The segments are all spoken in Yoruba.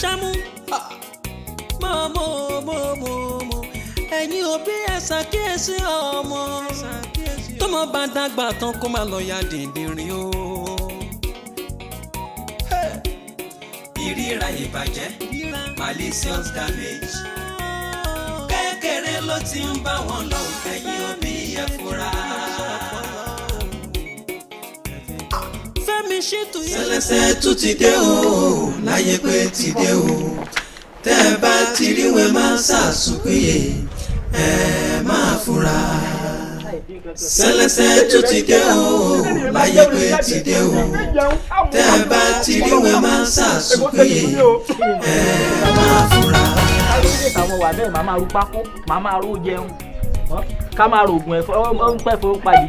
ṣámú. mọ̀ mọ̀ mọ̀ mọ̀ mọ̀ ẹ̀yin òbí ẹ ṣàkíyèsí ọmọ tọmọ bá dàgbà tán kó má lọ ya dìndìnrín o. ìríra ìbàjẹ́ malicious damage kékeré ló ti ń bá wọn lọ ẹ̀yin òbí ẹ fura. Fẹ́mi ṣètò yẹn. Sẹlẹsẹ tún ti dé o láyé pé ti dé o tẹ́ ẹ bá ti rí wọn máa ṣàṣùpìyè ẹ máa fura sẹlẹsẹ tó ti dé o láyé pé ti dé o tẹ́ ẹ bá ti rí wọn máa ṣàṣùpìyè ẹ máa fura. àwọn wà bẹ́ẹ̀ màá máa ru pákó màá máa ru jẹun ká máa ro oògùn ẹ̀fọ́ ó ń pẹ́ fún pàdé.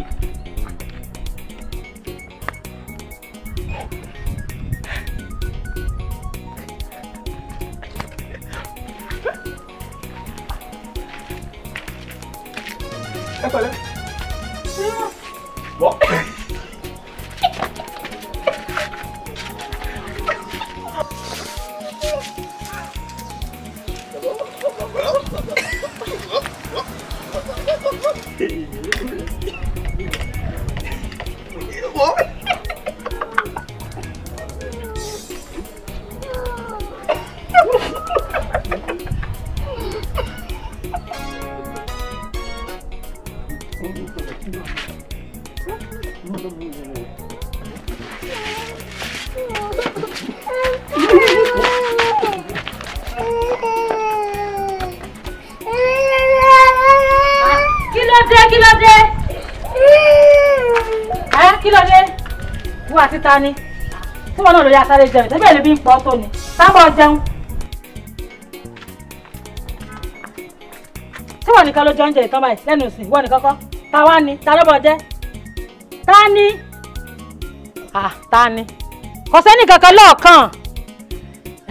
ta ni tí wọn náà lóye asáré jẹun tẹ́bẹ̀ lè bí ń pọ́ tó ni sábà jẹun tí wọn nìkan ló jọ ń jẹ ìtàn báyìí lẹ́nu ìsìn wọn nìkan kọ́ ta wá ni ta ló bọ̀ jẹ́ ta ni ta ni kò sẹ́ni kankan lọ́ọ̀kan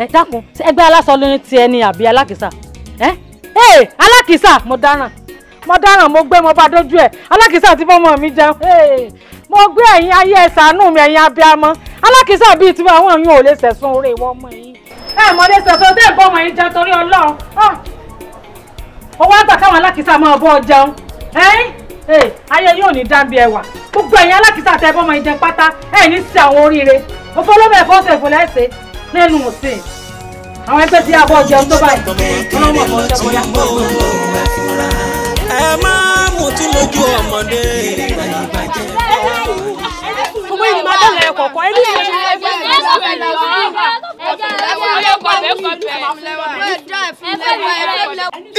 ẹ dákun ẹgbẹ́ aláṣọ lóyún tiẹ̀ ni àbí alákìsà ẹ ẹ alákìsà mo dáràn mo dáràn mo gbé mo bá dójú ẹ alákìsà ti fọmọ mi jẹun mo gbé ẹ̀yin ayé ẹ ṣàánú mi ẹ̀yin abiyamọ alákìísà bíi tiwọn àwọn èèyàn ò lè sẹ̀sùn orí wọn mọ yín. ẹ mọdé sọsọ tẹ bọ ọmọ torí àgbà ah! káwọn máa bọ jẹun ayé yóò ní gbogbo ẹyin ọmọ pátá ẹ ní sí àwọn oríire òsè àwọn a bọ jẹun tó báyìí tí lójú ọmọdé. Gbogbo ìgbìmọ̀ adọ́lẹ̀ ẹ̀kọ́ kọ́ ẹni ìṣe ṣe ẹgbẹ́ ìṣe lẹ́wọ̀.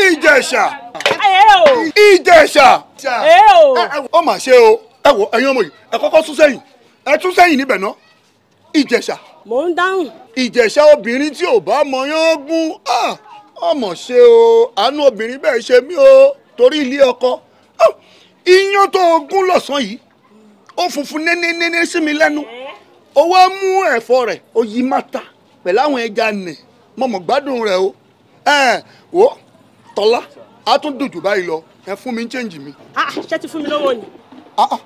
Ìjẹ̀ṣà. Ìjẹ̀ṣà. Ó mà ṣe o, ẹ wo ẹ̀yin ọmọ yìí, ẹ kọ́kọ́ sún sẹ́yìn, ẹ tún sẹ́yìn níbẹ̀ ná. Ìjẹ̀ṣà. Mò ń dáhùn. Ìjẹ̀ṣà obìnrin tí ò bá mọ yán gún, ah, ọmọ ṣe o, àánú obìnrin bẹ́ẹ̀ ṣe mí o, torí ilé ọkọ iyán tó ogún lọ́sàn-án yìí ó funfun nénénéné sí mi lẹ́nu ó wá mú ẹ̀fọ́ rẹ̀ ó yí máta pẹ̀lú àwọn ẹja nì mọ̀mọ́ gbádùn rẹ̀ o ẹ̀ wò tọ́lá a tún dùn jù báyìí lọ ẹ fún mi ń chẹ́ǹjì mi. Ah, ṣé ti fún mi lọ́wọ́ ni. Ah, ah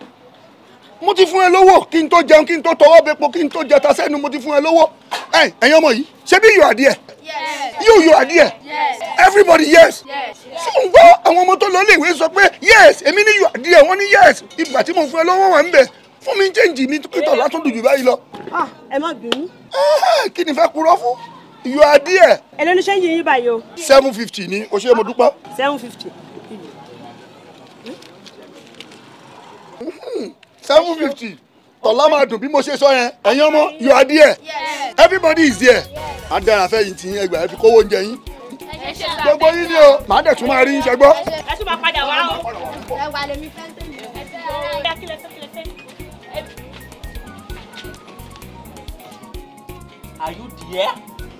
mo ti fún ẹ lówó kí n tó jẹun kí n tó tọwọ́ bepo kí n tó jẹta sẹ́nu mo ti fún ẹ lówó ẹ ẹ̀yin ọmọ yìí ṣé bí you are there yes. you you are there yes. everybody yes ṣùgbọ́n gbọ́ àwọn ọmọ tó lọ lè sọ pé yes èmi ní you are there wọ́n ní yes ìgbà tí mo fún ẹ lọ́wọ́ wà ń bẹ̀ fún mi jẹ́ǹjì mi kíkọ́ látún dùjú báyìí lọ. Ah, ẹ má bínú. kí ni fẹ́ purọ́ fún you are there. ẹ lóní ṣẹ́ǹjì yín báyìí o. seven fifty ni o ṣe é mo dúpẹ́. seven fifty. seven fifty tọ́lá máa dùn bí mo ṣe sọ yẹn ẹ̀yin ọmọ you are there everybody is there adára fẹ́ yìí ti yín ẹgbàá fi kówó oúnjẹ yín gbogbo yín ni o màá dẹ̀ tún máa rí yín ṣe gbọ́. ẹ tún máa padà wá o ẹ wà lèmi fẹ́ Are you there?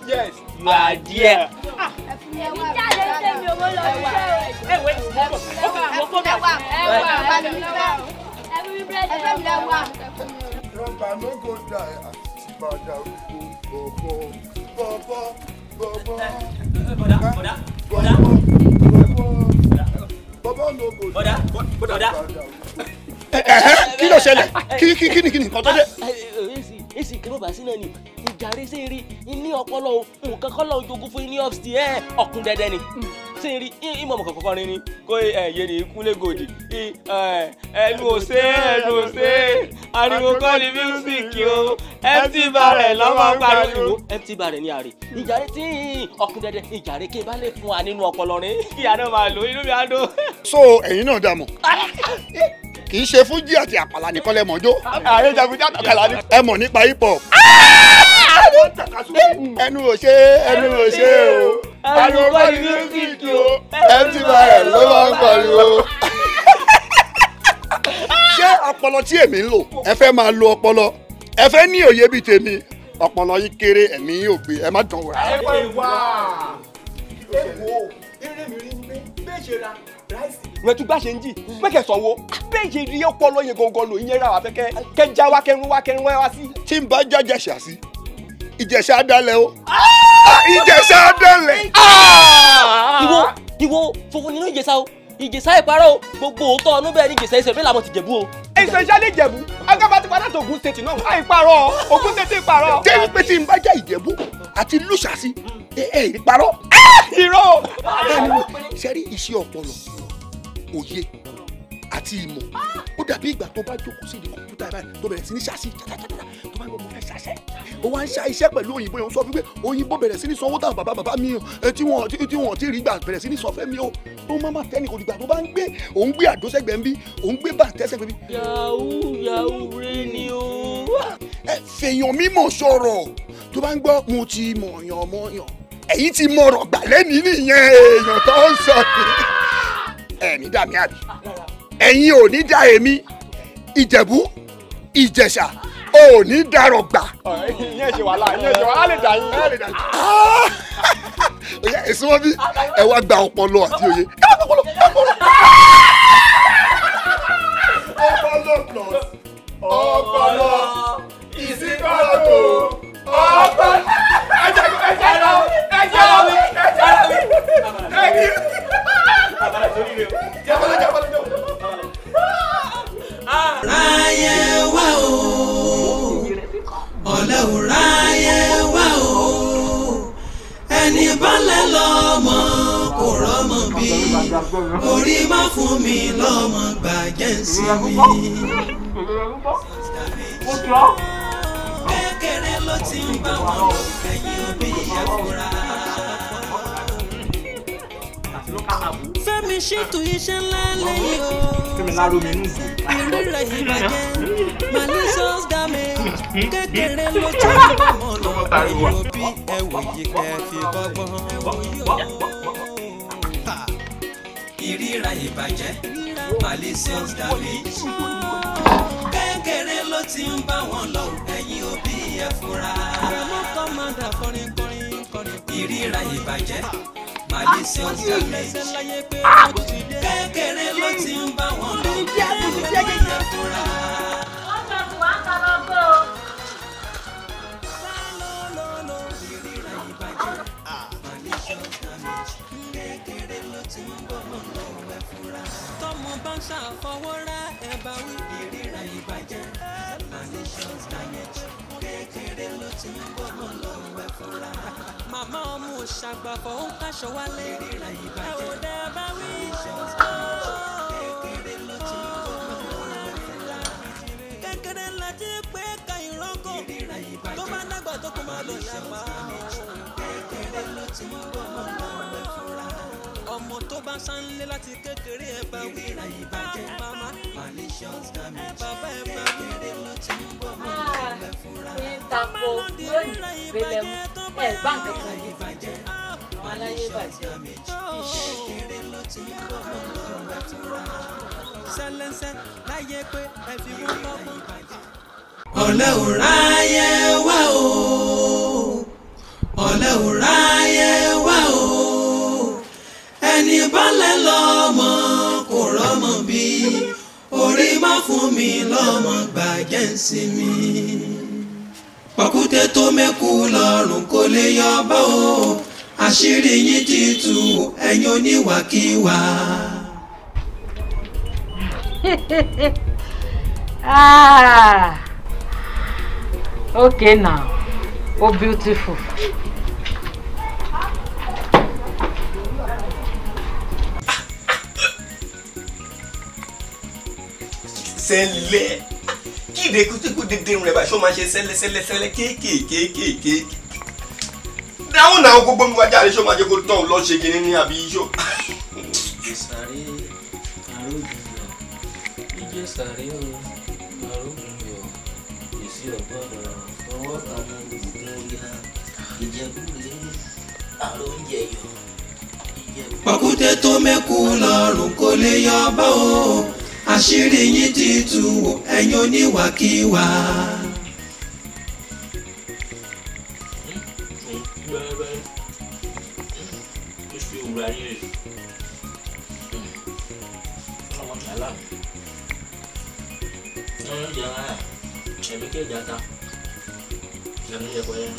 Yes. You are there. Èmi tí a lè ṣe mi owó lọ sí ṣẹ́ o. Ẹ wẹ̀ ẹ wà ẹ wà ẹ wà ẹ wà ẹ ẹgbẹ́ mi lẹ́wọ́ àtẹ̀kùn. rọ́bà ló go die àti padà rúgbó bọ̀bọ̀ bọ̀bọ̀ bọ̀bọ̀ bọ̀dá bọ̀dá bọ̀dá bọ̀bọ̀ ló go die bọ̀dá bọ̀dá. kí ló ṣẹlẹ̀ kí kí ni kí ni nǹkan tó dé. èsì kí ló bá sí náà ni ìjà rẹ̀ ṣe rí ní ọpọlọ nǹkan kọ́lọ́ ojogún fún ní ọ́fíìsì ẹ̀ ọ̀kùn dẹ́dẹ́ ni. Hmm sínri ìmọ̀mọ̀ kọ̀ọ̀kan rin ni kó yèrè kúnlé gòdì ẹnu òsè ẹnu òsè ariwo kọ́ ni mísíkì o empty barrel lọ́mọ pariwo empty barrel ni àrè ìjàre tí ọkùn dẹdẹ ìjàre kí n bá lè fún wa nínú ọpọlọ rin kí àná máa lò inú mi á dùn. so ẹ̀yin náà dà mọ́ kì í ṣe fújì àti àpàlà nìkan lẹ mọ̀ jó. ààrẹ jàgùdà àpàlà ni. ẹ mọ̀ nípa hip hop. Ah! ẹnu ò ẹnu ò o ariwo bá ní music o empty naira ló máa ń pariwo. ṣé ọpọlọ tí èmi ń lò ẹ fẹ́ máa lo ọpọlọ ẹ fẹ́ ní òye bíi tèmi ọpọlọ yín kéré ẹ̀mí yín ò gbé ẹ má dán wà. ẹ wá èkó eré mi rí bẹ́ẹ̀ ṣe ra ráìsì rẹ tún gbàṣẹ ń jì mẹkẹ sanwó péjì rí ọpọlọ yẹn gangan lò ìyẹn ra wà fẹ kẹ kẹ já wákẹrún wákẹrún wá sí. tí n bá jájà ṣàṣì ìjẹ̀ṣà dalẹ̀ o ah, ìjẹ̀ṣà dalẹ̀. ìwo ìwo funfun nínú ìjẹ̀ṣà o ìjẹ̀ṣà ìparọ́ o gbogbo òótọ́ ọdún bẹ́ẹ̀ ni ìjẹ̀ṣà ìṣẹ̀ mi làwọn ti jẹ̀bú o. èso iṣẹ́ ní ìjẹ̀bú agbábá ti padà tó Ògùn state náà wọ́n ìparọ́ Ògùn state ìparọ́. jẹ́ pé tí n bá jẹ́ ìjẹ̀bú àti lùsàsí ẹ ẹ ìparọ́. Ah, irọ́ o. sẹ́rí iṣẹ́ ọpọlọ òye àti ìmọ̀ dàbí ìgbà tó bá jókòó sí ìdí kọ̀ǹpútà ẹ̀ báyìí tó bẹ̀rẹ̀ sí ní ṣáṣí tàtàtàtà tó bá yẹ mo fẹ́ ṣàṣẹ. ó wá ń ṣa iṣẹ́ pẹ̀lú òyìnbó yẹn ó sọ wípé òyìnbó bẹ̀rẹ̀ sí ní sanwó táwọn bàbá bàbá mi tí wọ́n tí wọ́n ti rí gbà bẹ̀rẹ̀ sí ní sanfẹ́ mi o ó má má tẹ́ni òdìgbà tó bá ń gbé òun gbé àdósẹ́gbẹ̀ ń bí òun gbé bàtẹ́sẹ̀gbẹ̀ bí. yahoo yahoo rẹ ni o. ẹ ẹ̀yin ò ní dá èmi ìjẹ̀bú ìjẹ̀ṣà ò ní darọ̀ gbà. ìyẹn ṣe wàhálà ìyẹn ṣe wàhálà á lè dà yín á lè dà yín. èsì wọn bí ẹ wá gba ọpọlọ àti òye. ọpọlọ plus ọpọlọ ìsìnkọ́lọ́tò ọgbọ́n ẹ̀jẹ̀ ẹ̀jẹ̀ lọ ẹ̀jẹ̀ lọ mi ẹ̀jẹ̀ lọ mi ẹ̀jẹ̀ abala sórí rẹ jẹ́fọ́lá jẹ́fọ́lá orí má fún mi lọ́mọ gbàjẹ́ sí mi kékeré ló ti ń bá wọn lò kẹ́yìn òbí ìyàkúra. fẹ́mi ṣètò iṣẹ́ ńlá lẹ́yìn o. fẹ́mi láró mi nù. malicious damage kékeré ló ti ń bá wọn lò kẹ́yìn òbí ẹ̀wò yìí kẹ́ fi kọ́gbọ́n. ìrírà ìbàjẹ́ malicious damage kékeré ló ti ń bá wọn lò ẹ̀yìn òbí yẹ fura. àrẹ̀mọ kọ́mọdà kọrin kọrin kọrin. ìríra ìbàjẹ́ ah. màdí sí ọjà méjì. Ah. kékeré ló ti ń bá wọn lọ kí wọ́n yẹ yẹ fura. tọmọ bá ń ṣàfọwọ́rá ẹ̀ bá fọmọ lọ́rùn ẹ fúnra. màmá ọmọ òṣàgbà fọ ó ń wálé ẹ ò dẹ bá wí. kékeré ńlá ti pé ka ìrọ́gọ̀ tó bá dàgbà tó kó máa lọ yàgbá. ọmọ tó bá sánlé láti kékeré ẹ bá wí. bàbá ẹ bá wí ní tako lónìí gbélé mú ẹ bá nǹkan kan yìí bàjẹ́ wọn aláyé bàjẹ́ sẹlẹsẹ láyé pé ẹ fi wọn lọkùn. ọ̀lẹ́ ò ráyé wá o ọ̀lẹ́ ò ráyé wá o ẹni bá lẹ́ lọ́mọ má fún mi lọ́mọ gbàjẹ́ ń sinmi pàkúté tó mẹ́kù lọ́rùn kò lè yọ bá o àṣírí yín ti tú ẹ̀yin oníwàkiwà. ah okay now oh beautiful. sẹ́lẹ̀ kí ìdẹ́kùtìkù dédé rẹ̀ bá ṣó máa ṣe sẹ́lẹ̀ sẹ́lẹ̀ sẹ́lẹ̀ kéékèèkéékèèké dáhùn náà gbogbo mi wájà àríṣó máa jẹ́ kó tọ̀ lọ ṣe kinní ní àbí iṣó. ìsàrí àrògùnyọ̀ jíjẹ́ sàrí àrògùnyọ̀ èsì ọ̀gbọ́dọ̀ ọwọ́ kan ògùn ya ìjẹkùlé àròjẹ yọ. pàkúté tó mẹ́kù lọ́rùn kò lè yọ bá o àṣírí yín ti tú wò ẹ̀yin oníwàkiwà. Ẹ̀mí kéjà ta, ẹ̀mí yẹ kọ́ yẹn.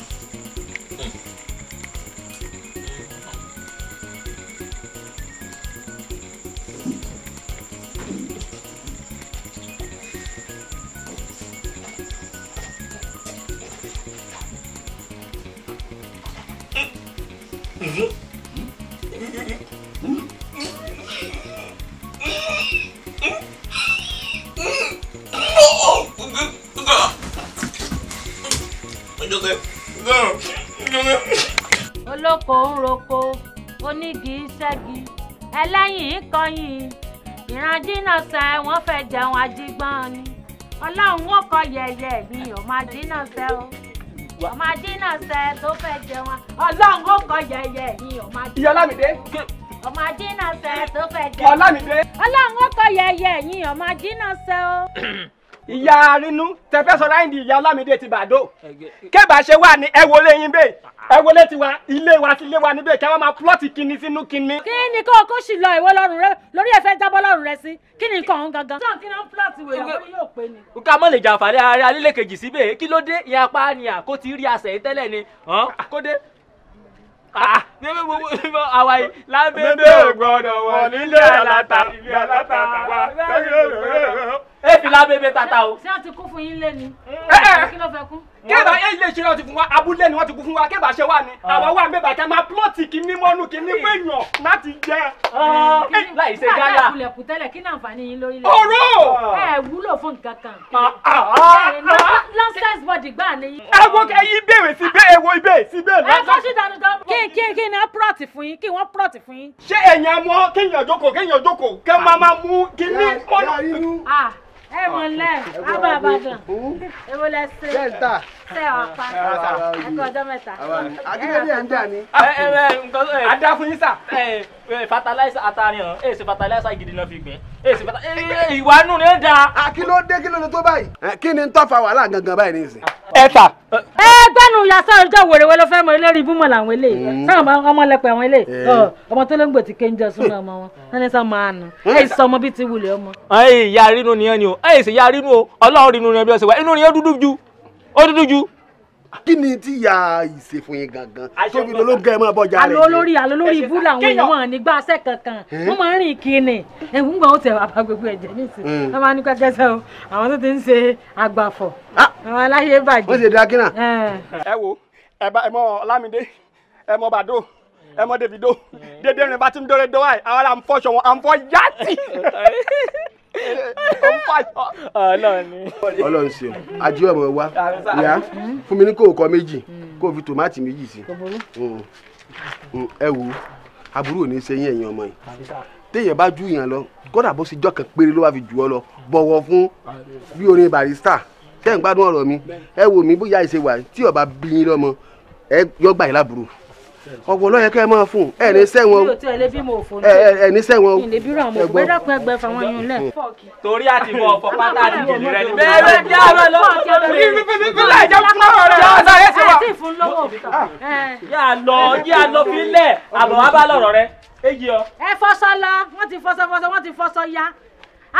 ẹlẹ́yìn kọyìn ìran dínà sẹ wọ́n fẹ́ jẹun ajígbọ́n ni ọlọ́run ó kọ yẹ̀yẹ̀ ni ọmọ dínà sẹ o ọmọ dínà sẹ tó fẹ́ jẹun ọlọ́run ó kọ yẹ̀yẹ̀ ni ọmọ dínà sẹ. ìyá Ọlámídé ọmọ dínà sẹ tó fẹ́ jẹun. ọlọ́run ó kọ yẹ̀yẹ̀ ni ọmọ dínà sẹ o. ìyá arínú tẹfẹ́ sọ láyìn di ìyá ọlámídé ti bàdó kébà ṣe wà ní ẹ wọlé yín bẹ́ẹ̀ ẹ wọlé tiwa ilé wa sí ilé wa níbẹ̀ kí wọ́n máa plọ́ọ̀tì kinní sínú kinní. kí ni kó o kó sì lọ ìwọ lọ́rùn rẹ lórí ẹ̀fẹ́ jábọ́ lọ́rùn rẹ sí kí ni nǹkan ọ̀hún gangan. sọ̀n kí náà plọ́ọ̀tì wèrè àwọn yóò pè ní. nǹkan mọ̀ lè jàǹfààní ara lílé kejì síbẹ̀ kí ló dé ìyapa ni à kó ti rí àṣẹ tẹ́lẹ̀ ni kó dé Ah, àwa yìí lábẹ́ndé ò gbọ́dọ̀ wọ̀ nílé aláta ilé aláta tàwa ẹ fi lábẹ́bẹ́ tata o. ṣé wọ́n ti kún fún yín lé ni. Eh, kébà eh, eh. ẹ ilé ìṣeré ọtí fún wa abúlé ni wọ́n ti kún fún wa kébà ṣe wà ní. Ah. àwa wà mẹ́bà kí a máa plọ́ọ̀tì kìíní mọ́nú kìíní péyàn láti jẹ. ẹ ah, láì ṣe gálà. nígbà tá àkùlẹ̀kù tẹ́lẹ̀ kí náà fàní yín lórílẹ̀. ọ̀rọ̀. ẹ wúlò fún nǹkan kan. Ah, ah, ah, body gbà ni. ẹ wo ẹyin béèrè sí bẹ́ẹ̀ ẹ wo ibẹ̀ sí bẹ́ẹ̀. ẹ kọ́ sí ìdánù gan. kí kí kí ni wọ́n prọ̀t fún yín kí wọ́n prọ̀t fún yín. ṣé ẹ̀yin amọ́ kéèyàn jókòó kéèyàn jókòó kẹ́ máa máa mú kíní ẹ mọ lẹ abọ àbàdàn èwo lẹ ṣe sẹńtà ṣe ọpa ẹkọ ọjọ́ mẹ́ta. akíndélé ah, ẹ ń dà ní. adá fún yín sà fatalaisa atari hàn èsì fatalaisa gidi náà fi gbìn èsì bàtà ìwà nù ni da. a kí ló dé kí ló lè tó báyìí. kí ni tó fa wàhálà gangan báyìí ní ìsìn. ẹ ta. ẹ gbẹ́nu yasọ ìjọ wèrèwé ló fẹ́ mọ ilé rí búmọ̀ làwọn ilé mm. sáwọn ọmọ lẹpẹ àwọn ilé eh. ọmọ tó ló ń gbè tí kéńjọ súnmọ́ ọmọ wọn ẹni sọ máa nù eh. ẹ sọ ọmọ bíi ti wulẹ̀ ọmọ. ẹ ìyá rínú ni ẹ ni o ẹ ìsì ìyá rínú o ọlọ́run rínú ni ẹ bí ọ kí ni tí ya ìṣe fún yín gangan tóbi ló ló gẹ mọ bọjá rẹ jẹ. àlọ́ ibú làwọn èèyàn wọn nígbà ṣẹ́ kankan wọ́n máa ń rìn kíni ẹ̀hún gbọ́n ó tẹ̀ wá gbogbo ẹ̀jẹ̀ nísìnyí hmm. wọ́n máa ní kẹ́kẹ́ o àwọn tó ti ń ṣe àgbàfọ̀ ah! àwọn aláyé bàjẹ́. wọ́n ṣe dá kínà. ẹ wo ẹ mọ Ọlámídé ẹ mọ Bàdó ẹ mọ Davido hmm. dédé rìn bá ti ń dọ́rẹ́ dọ́wà àwọn àmfọ́ṣọ wọn àmfọ́ yá Ah, Ọlọ́run ṣeun ajú ọmọ wa ya fún mi ní kò kọ méjì kò fi tòmátì méjì sí ẹ wò ó aburú ò ní í ṣe yín ẹ̀yin ọmọ yìí téèyàn bá ju yàn lọ kódà bó ṣe jọ́ kan péré ló wá fi jù ọ lọ bọ̀wọ̀ fún bí orin barista tẹ́ ń gbádùn ọ̀rọ̀ mi ẹ wò mí bóyá ìṣe wà tí ọba bí yín lọ́mọ ẹ yọgbà yìí láburú ọ̀pọ̀ lọ́yẹ kẹ́ ẹ máa fún ẹ ní sẹ́wọ̀n ẹ ẹ ní sẹ́wọ̀n ẹgbọ́n. torí àti mọ ọ̀pọ̀ pátá àti jìnnì rẹ ni bẹ́ẹ̀ bẹ́ẹ̀ kí ara lọ rí fífífílẹ̀ ìjọ fúláwọ̀ rẹ ọ̀sán yẹn sì wà. yà lọ yà lọ fílẹ̀ àbọ̀ wá bá lọ̀rọ̀ rẹ èyí ọ. ẹ fọṣọ lọ wọn ti fọṣọ fọṣọ wọn ti fọṣọ ya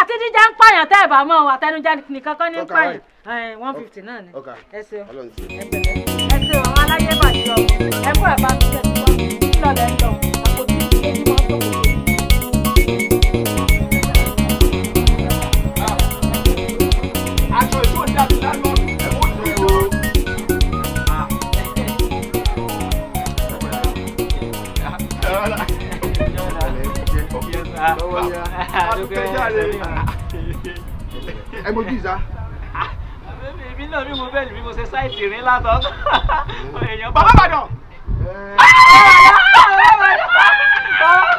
àti jíjẹ ń pààyàn tẹ́ ẹ̀ bá mọ̀ àtẹnujẹ nìkan kan ní ń pààyàn one fifty náà ni ẹ ṣeun ẹ ṣeun àwọn aláyé bàjẹ́ ọ ẹ kú ẹ̀ bá mi ẹ ah, mi mo bẹ́ẹ̀ ni mo ṣe ṣáìtì rìn látọ̀ èèyàn bàdàn.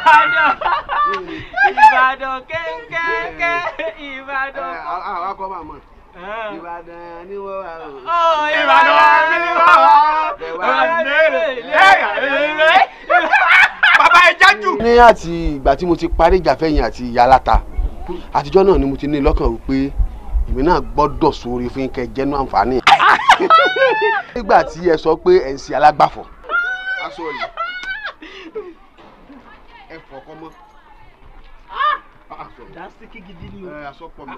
ìbàdàn ìbàdàn kẹ́ńkẹ́ńkẹ́ ìbàdàn. àwọn akọ máa mọ ìbàdàn ni wọ́n wà o. Oh, ìbàdàn ni wọ́n wà o. bẹ̀wá lérè lérè. bàbá ẹ jájú. ní àti ìgbà tí mo ti parí ìjàfẹ́yìn àti ìyá aláta àtijọ́ náà ni mo ti ní lọ́kàn wípé èmi náà gbọ́dọ̀ sóore fún kẹ́ jẹ́nu àǹfààní. nígbà tí ẹ sọ pé ẹ̀ ń ṣe alágbàfọ̀. aṣọ ah, rẹ̀. dasiki gidi ni o. ẹ eh, asọpọ mi.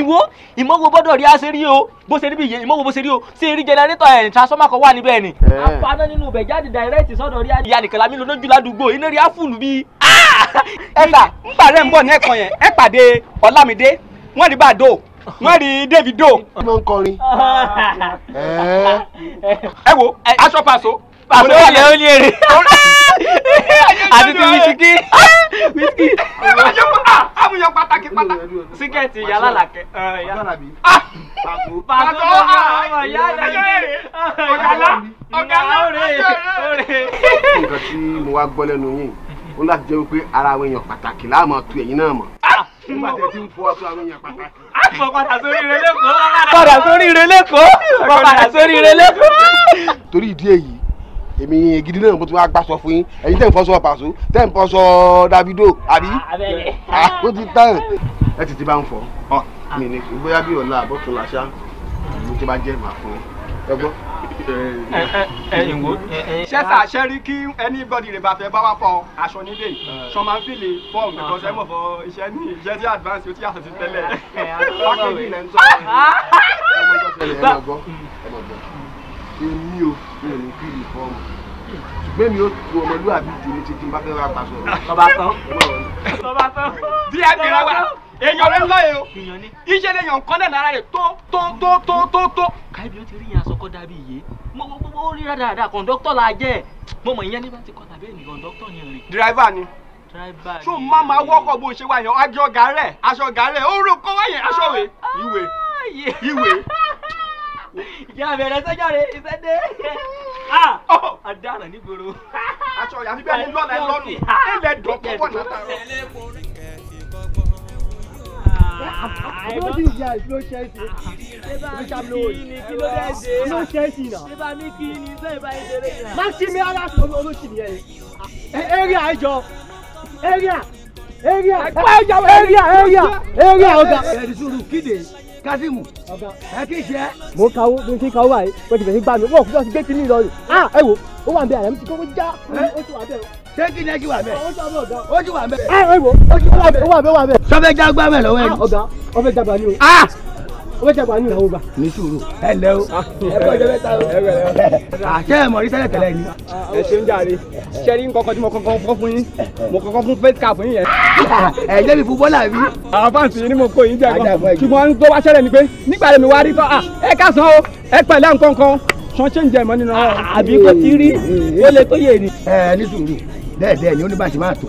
ìwọ ìmọ̀wò gbọ́dọ̀ rí aṣẹ rí o bó ṣe rí bí ìmọ̀wò bó ṣe rí o ṣe rí jẹnẹrétọ̀ ẹ̀ transformer kan wà níbẹ̀ ni. àfààní eh. nínú ibẹ̀ jáde direct sọ́dọ̀ rí adìyẹ nìkan lámì lójú ládùúgbò iná rí áfùlù bíi. Ah! ẹ gbà ń bà rẹ̀ ń bọ̀ ní ẹ̀kan yẹn ẹ pàdé Ọlámídé wọ́n rí bàdó wọ́n rí Davido. Eh. ẹ wo aṣọ pàṣọ pàṣẹ wà lẹ́wọ́n ní èrè àti ti wíṣíkì wíṣíkì. àmúyọ pàtàkì pàtàkì síkẹ́ẹ̀tì yàrá làkẹ́ pàṣọ yàrá èrè ọ̀gálá ọ̀gálá ọ̀rẹ́ ọ̀rẹ́. nǹkan tí mo wá gbọ́ lẹ́nu yìí ó ń láti jẹ́ wípé ara àwọn èèyàn pàtàkì láàmú ọtún ẹ̀yìn náà mọ̀ ah. nígbà tẹ̀ tí ń fọ ọtún àwọn èèyàn pàtàkì. mo ah, padà sórí ire lẹ́kọ̀ọ́. padà sórí ire lẹ́kọ̀ọ́. mo padà sórí ire lẹ́kọ̀ọ́. torí ìdí èyí èmi gidi náà mo ti wá gbàsọ fún yín ẹ̀yin tẹ̀ ń fọṣọ pàṣọ tẹ̀ ń fọṣọ Davido àbí ó ti tán ẹ ti ti bá ń fọ mi ni bóyá bí ọ̀la àbọ̀tún làṣà mo ti bá jẹ́ màá fún yín ẹ gbọ́ sẹ́sà ṣe rí kí anybody rẹ̀ bá fẹ́ bá wá fọ aṣọ nílé ṣọ máa ń fìlè fọ́ọ̀mù because ẹ mọ̀ fọ iṣẹ́ ní iṣẹ́ tí advance yóò ti yàtọ̀ sí tẹ́lẹ̀ èmi ò èmi kì í fọ́ọ̀mù ṣùgbọ́n mi ò tu ọmọlúwàbí tèmi ti ti bá fẹ́ ra pàṣọ. tọba tán tọba tán bí a ti ra wa èèyàn ló ń lọ yìí o iṣẹ́ lèèyàn kan náà lára rẹ̀ tó tó tó tó tó tó. káyọ̀bí ó ti rí yẹn asọ́kọ́ dàbí iye mo mo mo rí dáadáa kọ̀ǹdọ́tọ̀ la jẹ́ mo mọ̀ ìyẹn nígbà tí kọ́ tàbí ènìyàn kọ̀ǹdọ́tọ̀ ni rè. dírẹ́fà ni má máa wọ́kọ̀ bó ṣe wá yẹn aṣọ gàárẹ̀ aṣọ gàárẹ̀ ó wáyẹn aṣọ ah, ah, ìwé ìwé. ìjà bẹ̀rẹ̀ sẹ́jọ́ rẹ̀ iṣẹ́ dé àdàrà nígboro. aṣọ ìyá nígbà ní lọ́la ẹ lọ́nu ilẹ̀ dọ̀pọ̀ pọ̀ látàrọ. Àbúrò ti ìjà ìṣúná ṣẹ́ẹ̀sì. Ṣé ní kí ló dé ṣe? Ló ṣẹ́ẹ̀sì náà. Ṣé bá ní kí ni ṣé ìbá ìṣeré yìí? Máṣímì aláṣọ olóṣì nìyẹn. Ah, area ẹjọ. Area. Area. Ẹgbẹ́ ẹjọ. Area. Area. Area ọ̀gá. Ẹ̀rí sùúrù kíde kazeem ẹ kì í ṣe. mo kawó bí n ṣe kawó báyìí wọ́n ti bẹ̀rẹ̀ gbà mí wọ́n kò fi gbé kínní lọ rè ah ẹ wò ó wà bẹ́ẹ̀ àyàmí ti kọ́kọ́ já ó ti wà bẹ́ẹ̀ ṣé kí ni ẹ ti wà bẹ́ẹ̀ ó ti wà bẹ́ẹ̀. ẹ wò ó ti wà bẹ́ẹ̀ ah, ó wà bẹ́ẹ̀. sọ fẹ́ já gbá mẹ́ lọ́wọ́ ẹ. Ah, ọ̀gá ọ ó ní ìyàwó bá. ní sùúrù ah, ẹ lẹ o ẹ kọ́ ọjọ́ mẹ́ta o. àṣẹ ah, mọ̀rí tẹ́lẹ̀ tẹ́lẹ̀ ni. ẹ ṣe ń jàre ṣẹ́rí nǹkan tí mo kọ́kọ́ fọ́ fún yín mo kọ́kọ́ fún face cap yín yẹn. ẹ jẹ́ mi fún bọ́lá àwọn fáǹsì yìí ni mo kó yín jẹ́ gan ṣùgbọ́n tó wá ṣẹlẹ̀ ni pé nígbà mi wá rí kọ́ ah, ẹ káàsán o ẹ pẹ̀lẹ́ nǹkan kan sọ ṣe ń nínú ọ̀rọ̀ àbí kò ti rí ó lè tó yé ni. ẹ ní sùúrù bẹ́ẹ̀ bẹ́ẹ̀ ni ó ní bá ṣe máa tò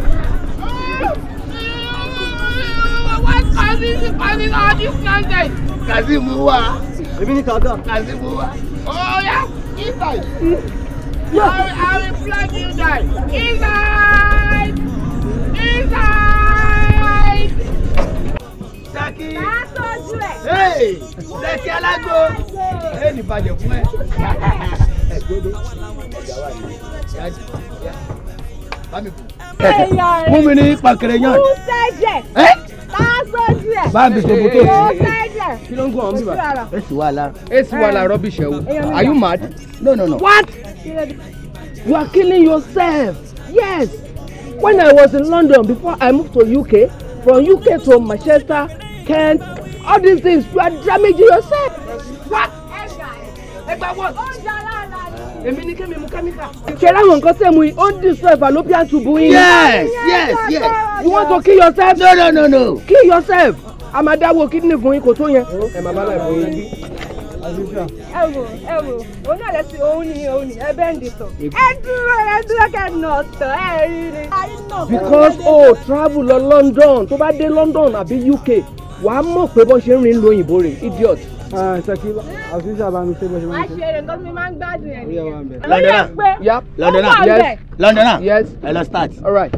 Kazeem is passing all these nonsense. Kazeem wá. Èmi ni Kazeem. Kazeem wá. Oh yeah, inside. I, will, I you guys. Inside. Inside. Saki. Látọ̀jú ẹ̀. Hey! alágbó. Ẹ ní bàjẹ́ fún ẹ. Ẹ gbọ́dọ̀. Bámi kù. Fún mi ní pàkẹrẹ yàn. Kú sẹ́jẹ̀ báàbí tó bótó kí ló ń gún àwọn bíbá èsì wàhálà èsì wàhálà rubbish ẹ wo are you mad. no no no. what you are killing yourself yes when i was in london before i moved to uk from uk to manchester kent all these things you are damaging yourself what ẹ gba èmi ni kémi mu kẹ́míkà. ìṣẹ̀lẹ̀ àwọn nǹkan tẹ̀ yìí ó ń destroy fallopian tube yín. yes yes yes. you want to kill yourself. no no no no. kill yourself. a máa dáwọ́ kídìní fún yín kò tó yẹn. ẹ máa bá láì fún yín ẹ wò ẹ wò òun náà lẹsìn òun ni òun ni ẹ bẹ́ẹ̀ ń dìtọ̀. ẹ dúró ẹ dúró kẹ nà tọ ẹ rí ni. because o oh, travel lọ London tó bá dé London àbí UK wàá mọ̀ pé bó ṣe ń rìn lóyìnbó rè idiot. Ah, ṣakila àfihàn àbámi ṣe bọ́ṣẹ́ máa ń ṣe. àṣẹ rẹ̀ nǹkan mi máa ń gbádùn ẹ̀ nìyẹn. lọ́dọ̀nà lọ́dọ̀nà lọ́dọ̀nà ẹ lọ start. All right.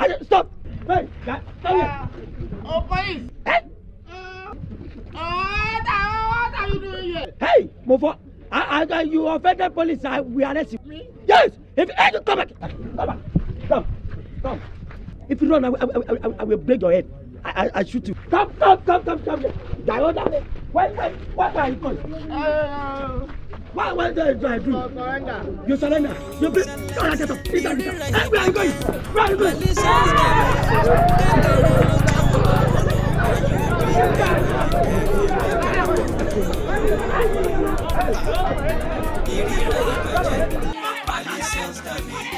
I don't, stop! Hey, that, stop uh, Oh, police! Hey! Uh, uh, what are you doing here? Hey, move on. I, I, you offended police. I, we arrest you. Me? Yes! If hey, come back, come back, come, come. If you run, I, I, I, I will break your head. I, I, I shoot you. Come, come, come, come, come. Down, down. Why, why, why, why are you calling? Uh, why, why do I do? I do? Surrender. You surrender. You please. All right, get up. Please, get up. Hey, where are you going? Where are you going? Hey.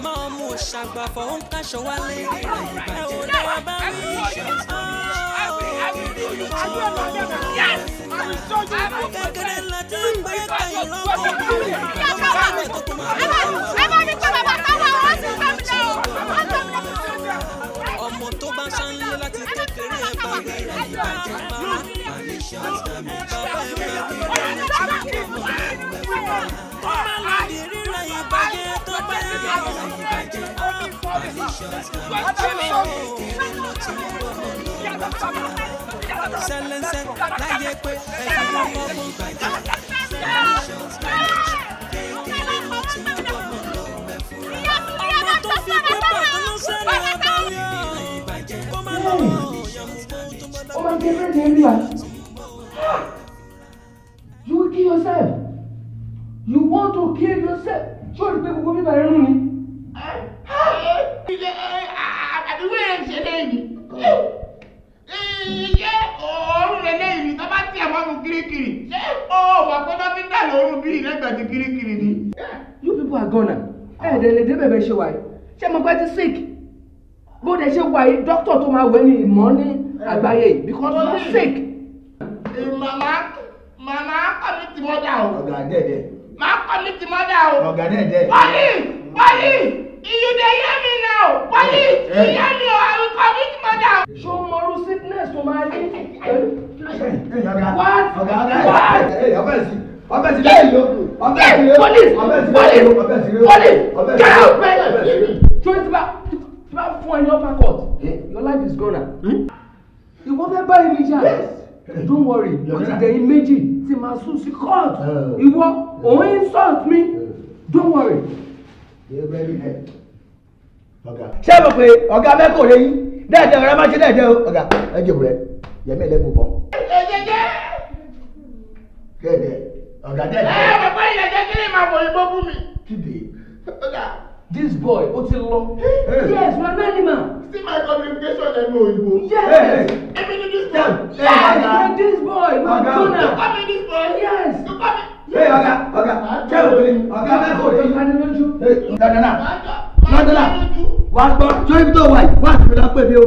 màmá ọmọ ṣàgbàfọ̀ ó ń káṣọ wálé ẹ ò ní wá bá mi kékeré ńlá tí ń gbé kẹyìn lọ́wọ́ ọmọ ọmọ tó kún máa bá ẹ bá mi kọ́ bàbá táwọn ọ̀rọ̀ sí bá mi ọmọ tó bá ṣánlé láti kékeré ẹ bá rẹ̀ ìbàjẹ́ máa bàbá ẹ̀ máa kí ọmọ rẹ̀. Má lọ lè ríra ìbàjẹ́ tó bá yẹ ọ̀rọ̀ ìbàjẹ́. Politicians can be cheated, they know to move on, no matter how. Sẹ́lẹ̀nsẹ̀ láyé pé ẹ̀yin ọmọ mú bàjẹ́. Politicians can be cheated, they know to move on, no matter how. Ọmọ tó fi pépà tó ń ọba yọ. Kó má lọ́wọ́ òyìnbó tó má lọ́wọ́. Ó máa ń gé fẹ́ẹ́ ní ẹ̀rí à. You will kill yourself you want to kill yourself ṣé o rí pé gbogbo bíbá rẹ rún ni. àdúgbò yẹn ṣe léyìí ṣé òórùn rẹ léyìí tó bá tiẹ̀ mọ́ mu kirikiri ṣé o mọ̀ pé dókítà lóorùn bíi lẹ́gbẹ̀ẹ́ ti kirikiri ni. you people are gone now ẹ̀ẹ́dẹ̀ lè dé baby ṣe why? She mo quite sick Go de ṣe why? Doctor tó máa wẹ̀ ní ìmọ̀ ní àgbáyé yìí because you are sick. màmá màmá come mi ti mọ́ Oh, o. dead, dead máa kọ́ mi ti mọ́dà o. ọ̀gá náà dẹ̀. pọ́lì pọ́lì you dey hear me now pọ́lì you hear me o i will commit murder. ṣó mo rú sickness tó máa rí. what what. ọbẹ̀ sí ọbẹ̀ sí lẹ́yìn o. ọbẹ̀ sí lẹ́yìn o. police police police get out man. ṣó ti bá ti bá fún ẹ ní upper court eh? your life is gone na. Hmm? ìwọ fẹ́ bá èmi jà. yes. Eh, don't worry ó ti dẹ̀yìn méjì tí màá sùn sí court eh. ìwọ òun eh. insult me? don't worry. ṣé mo pe ọ̀gá mẹ́kọ̀ọ́ lé yín dẹ́ẹ̀dẹ́ ọ̀rẹ́ má ṣe dẹ́ẹ̀dẹ́ o ọ̀gá ẹ jẹ̀bù rẹ yẹ̀mí ẹlẹ́gùn bọ̀. dẹ́ẹ̀dẹ́ ọ̀gá dẹ́ẹ̀dẹ́. ẹ bàbá ìyàjẹ́ kí ni màá bọ̀ ìbọn fún mi. kíde. ọ̀gá this boy ó ti lọ. yes my are many man. see my communication ẹnu òyìnbó. yes èmi ni this boy. yes na this boy we are gonna. you call boy. yes you call me. Hey ọ̀gá Oga. ṣé o lè ọ̀gá mẹ́kọ̀ọ́ yìí. ọ̀gá ni lójú. dandana dandana wàá gbọ́ sórí tó wà yìí wàá sinmi lọ́pẹ́ mi o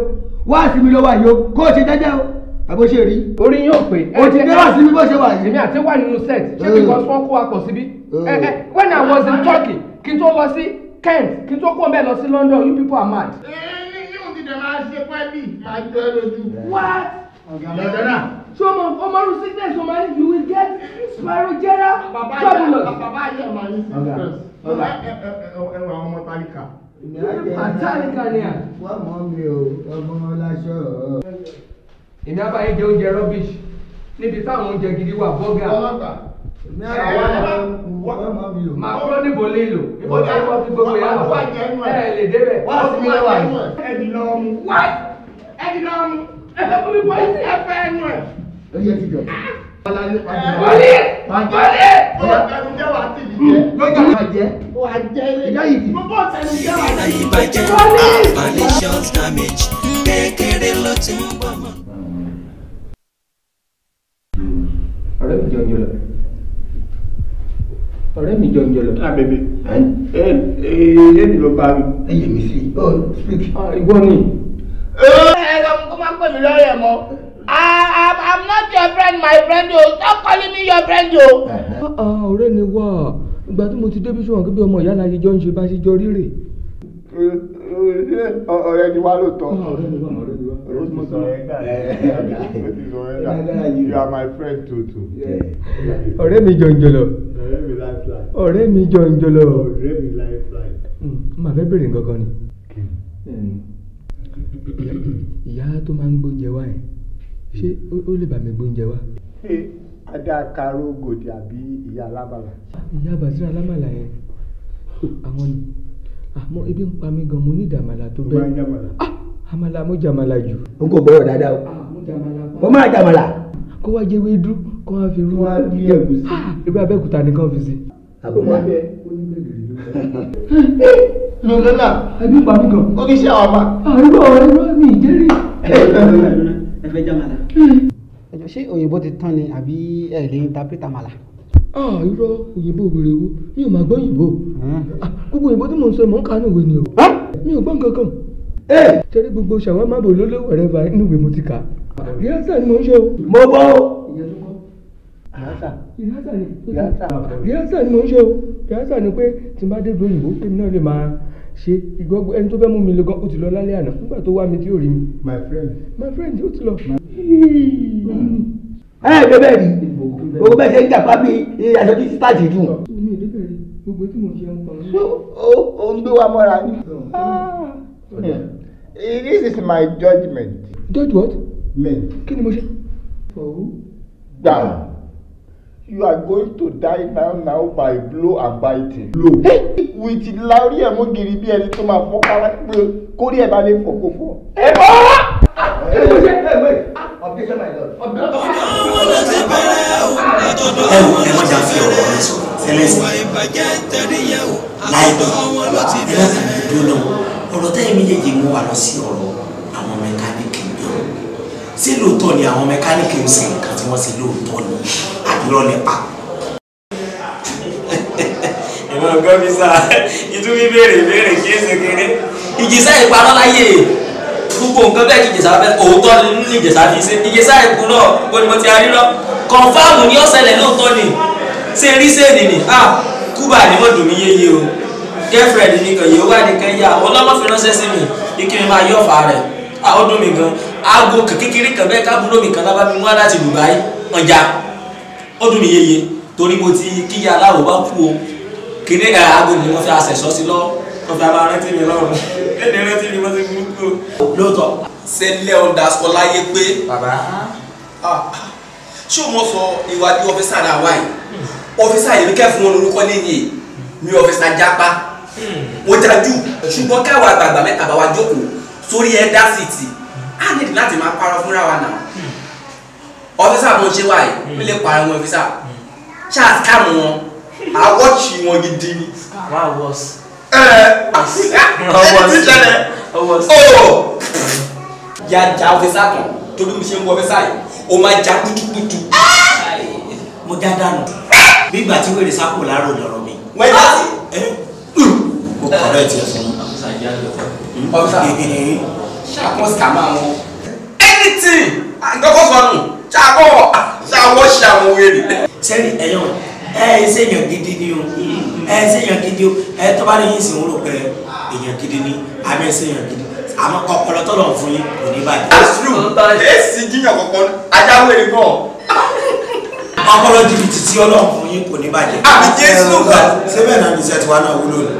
wàá sinmi lọ́wọ́ yìí o kó o ṣe jẹ́jẹ́ o àbò ṣe rí. orí yóò pé. o ti dé wá síbi bó ṣe wà yìí. èmi àti wà nínú set ṣé because wọ́n kó wa pọ̀ síbí. Eh, eh, when I was in Turkey kí n tó lọ sí Kent kí tó kó bẹ́ẹ̀ lọ sí London you people are mad. ẹni yóò ti máa ṣe pẹ́ẹ́lí máa ẹ lójú. what. lọ́jọ́ náà. so mo o mo ru sickness o ma you will get spiral turbulence. bàbá yẹ màá ní sickness. ọ̀la ẹwà ọmọ tálíkà. tálíkà ni à. wọ́n mọ̀ mi o ọmọ ọláṣọ. èmi àbáyé jẹ oúnjẹ rubbish níbi táwọn oúnjẹ gidi wà bọ́gà. ọlọ́pàá. Màkúrò níbo lílò? Ibo tí a lọ fi gbogbo yà wá? Ẹ lè débẹ̀. Wá sí mi lọ́wọ́ yìí. Ẹ̀dì lọ mu. Wá ẹ̀dì lọ mu. Ẹ̀fẹ̀ fún mi bọ́ sí ẹ̀fẹ̀ ẹnu ẹ̀. Ó yẹ ti dọ̀tí. Bọ́lí! Bọ́lí! Ó wà tẹnu jẹ́ wà á ti di jẹ́. Lọ́jọ́ wà jẹ́. Wà jẹ́ ilé. yìí. Mo bọ́ tẹnu jẹ́ wà á ti di jẹ́. Bọ́lí! Palliation damage kékeré ló ti ń bọ̀ mọ́. Ọ̀rẹ́ mi jẹun yóò lọ ọ̀rẹ́ mi jọ ń jọ lọ. àbẹ̀bẹ̀ ah, ẹ ẹ ẹ ló bá mi. ẹ yẹ mi sí ọ oh, speak. Ah, eh? ìwọ ni. ẹ eh, ẹ eh, kó má pè mí lọ́rẹ̀ mọ́ ah, I'm not your friend my friend o oh. stop calling me your friend o. Oh. ọ̀rẹ́ ni wá ìgbà tí mo ti débi sọ̀rọ̀ kí bí ọmọ ìyá la ṣe jọ ń ṣe bá ṣe jọ rírè ọ̀rẹ́ ni wá lóòótọ́. ọ̀rẹ́ ni ni wá. o ti sọ ẹ̀dá o ti sọ you are my friend too too. ọ̀rẹ́ mi jọ̀njọ̀lọ̀. ọ̀rẹ́ mi lifeline. ọ̀rẹ́ mi jọ̀njọ̀lọ̀. ọ̀rẹ́ mi lifeline. Hmm, màá fẹ́ bèrè nǹkan kan ni. Hmm. ìyá tó máa ń gbóúnjẹ wá yẹn ṣé ó lè bá mi gbóúnjẹ wá. ṣé adá karó gòdì àbí ìyá alábàlà. ìyá bàtírà alábàlà yẹn àwọn àmọ́ ah, ebi ń pa mí gan mo ní ìdàmàlà tó bẹ́ẹ̀. mo máa ń jàmàlà. Ah, àmàlà mo jàmàlà jù. o kò gbọ́dọ̀ dáadáa o. Ah, mo máa jàmàlà. kó wá jẹ́ wéédú kó wá fi rú. wá bí ẹ̀gúsí. ebi abẹ́kúta ni kàn fi si. àbọ̀mọ́ abẹ́ onígbẹ̀gẹ̀rẹ̀ ló eh, ló náà. ẹbí pa mí gan. ó kì í ṣe àwọn ọba. àrùbọ̀ ẹ̀rọ mi ìjẹ́rìí. ẹ fẹ́ jàmàlà. ẹ̀jọ̀ hmm. ṣé òyìnbó ti tán ni àbí ẹ̀ lè interpret àmàlà ah irọ́ òyìnbó wèrè wo mi ò máa gbọ́ òyìnbó ah, gbogbo òyìnbó tí mò ń sọ mò ń kà nùwé ni o mi ò gbọ́ nǹkan kan ṣeré gbogbo ṣàwámà bò lólè wẹ̀rẹ̀ bá nùwé mo ti kà rìhásà ni mò ń ṣe o. mo bọ́ o. rìhásà rìhásà ni mò ń ṣe o rìhásà ni pé tí n bá dé ìlú òyìnbó kémi náà lè máa ṣe ìgbọ́gbọ́ ẹni tó fẹ́ mú mi lọ gan ó ti lọ lálẹ́ àná nígbà tó wá mi tí ò rí mi. my friend my friend ó ti lọ ẹ ẹ bẹ́ẹ̀ ni gbogbo bẹ́ẹ̀ ṣe ń jàpá bí aṣọ tí títà ti dùn. mi ń gbé wa mọ́ra ni. this is my judgement. judge what? men. kí ni mo ṣe. ọ̀hún. you are going to die now now by blow and biting. blow. with lari ẹ̀ bí ẹni tó máa fọ́ kára pé kórè ẹ̀ bá lè fọ́ kó fọ́. ẹ bọ́ wá. ẹ bọ́ ṣe ẹ wẹ̀ objection my lord. objection. fi ọ̀rọ̀ rẹ sọ ẹlẹ́sìn. ìwà ìbàjẹ́ tẹ̀lé yẹ o àtọ̀dọ̀ wọn ló ti bẹ̀rẹ̀. ẹlẹ́sìn dúró ọ̀rọ̀ tẹ́yìn méjèèjì mú wa lọ sí ọ̀rọ̀ àwọn mẹkáníìkì náà ṣé lóòótọ́ ni àwọn mẹkáníìkì ń sìn nǹkan tí wọ́n ṣe lóòótọ́ ni àbúrò nípa. ìmọ̀ nǹkan mi sá ìtúbí béèrè béèrè kí èsì kéré. ìjìsá ìparọ́ láyè gbogbo nǹkan bẹ́ẹ̀ kí ìjẹ̀sà bẹ́ẹ̀ òótọ́ ni ìjẹ̀sà fi ṣe ìjẹ̀sà ìkú náà gbogbo ni mo ti arí lọ kọ̀ǹfàmù ni ọ̀sẹ̀ lẹ̀ lóòótọ́ ni ṣe rí sẹ́ẹ̀nì ni ah kúbà ni wọ́n dùn mí yéye o girlfriend ni kan yòówà ni kan yá ọlọ́mọ fi ránṣẹ́ sí mi ní kí n máa yọ̀ fà rẹ̀ ah ó dùn mí gan aago kékeré kan bẹ́ẹ̀ kábúrò mi kan lábá mi wá láti Dubai ọjà ó dùn mí yéye torí mo ti kíyà aláwọ̀ bá kú o kíní ẹ̀ aago ni wọ́n fi àṣẹ̀ṣọ́ sí lọ́wọ́ wọ́n fi ara rántí mi lọ́rùn kéde rántí mi wọ́n ti mú kú o. lóòótọ́ sẹ́lẹ̀ ọ̀dàsọ láyé pé bàbá ṣé o mọ̀ sọ ìwádìí ọ̀fíìsà náà wáyé ọfíìsà yìí kẹ́ fún wọn lórúkọ níyì mi ọfíìsà jápa mo jájú ṣùgbọ́n káwa àgbààgbà mẹ́ta bá wa jókòó sórí ẹ̀dá síìtì á nídìí láti máa parọ́ fúnra wa náà ọfíìsà mo ṣe wáyé mi lè parọ́ wọn ọfíìsà charles kàmù wọn àwọ̀chì wọn gidi ni. wà á wọ́s. ẹ ẹ ti ṣẹlẹ̀ o. yà já ọfíìsà kan tóbi mi ṣe ń wọ ọfíìsà yìí o máa já kutukutu. mo já dànù bí ìgbà tí wèrè sápò láàrò lọ́rọ̀ mi. wẹ́n dá sí. o kọ̀rọ̀ ẹ̀ tiẹ̀ fún mi. ọ̀sà ṣàkóso scam àwọn. anything àgbẹ̀kọ̀ sọnù ṣàkọ̀ ṣàwọ̀ ṣàwọ̀ wèrè. sẹ́ni ẹ̀yàn ẹ̀ ẹ́ sẹ́yàn gidi ni o ẹ̀ ẹ́ sẹ́yàn gidi o ẹ̀ tọ́ bá ní yín sìn wúlò pé èèyàn gidi ni àmì ẹ̀ sẹ́yàn gidi àmọ́ ọpọlọ tọ́lọ̀ fún yín kò ní bàjẹ́. that's true jíyàn kọ̀ọ̀kan ajáwé ni bọ́ọ̀ ọpọlọ jìbìtì tí ọlọ́run fún yín kò ní bàjẹ́. àmì ah, jésù gbà. sẹ́fẹ̀ náà ní iṣẹ́ tiwa náà wúlò ní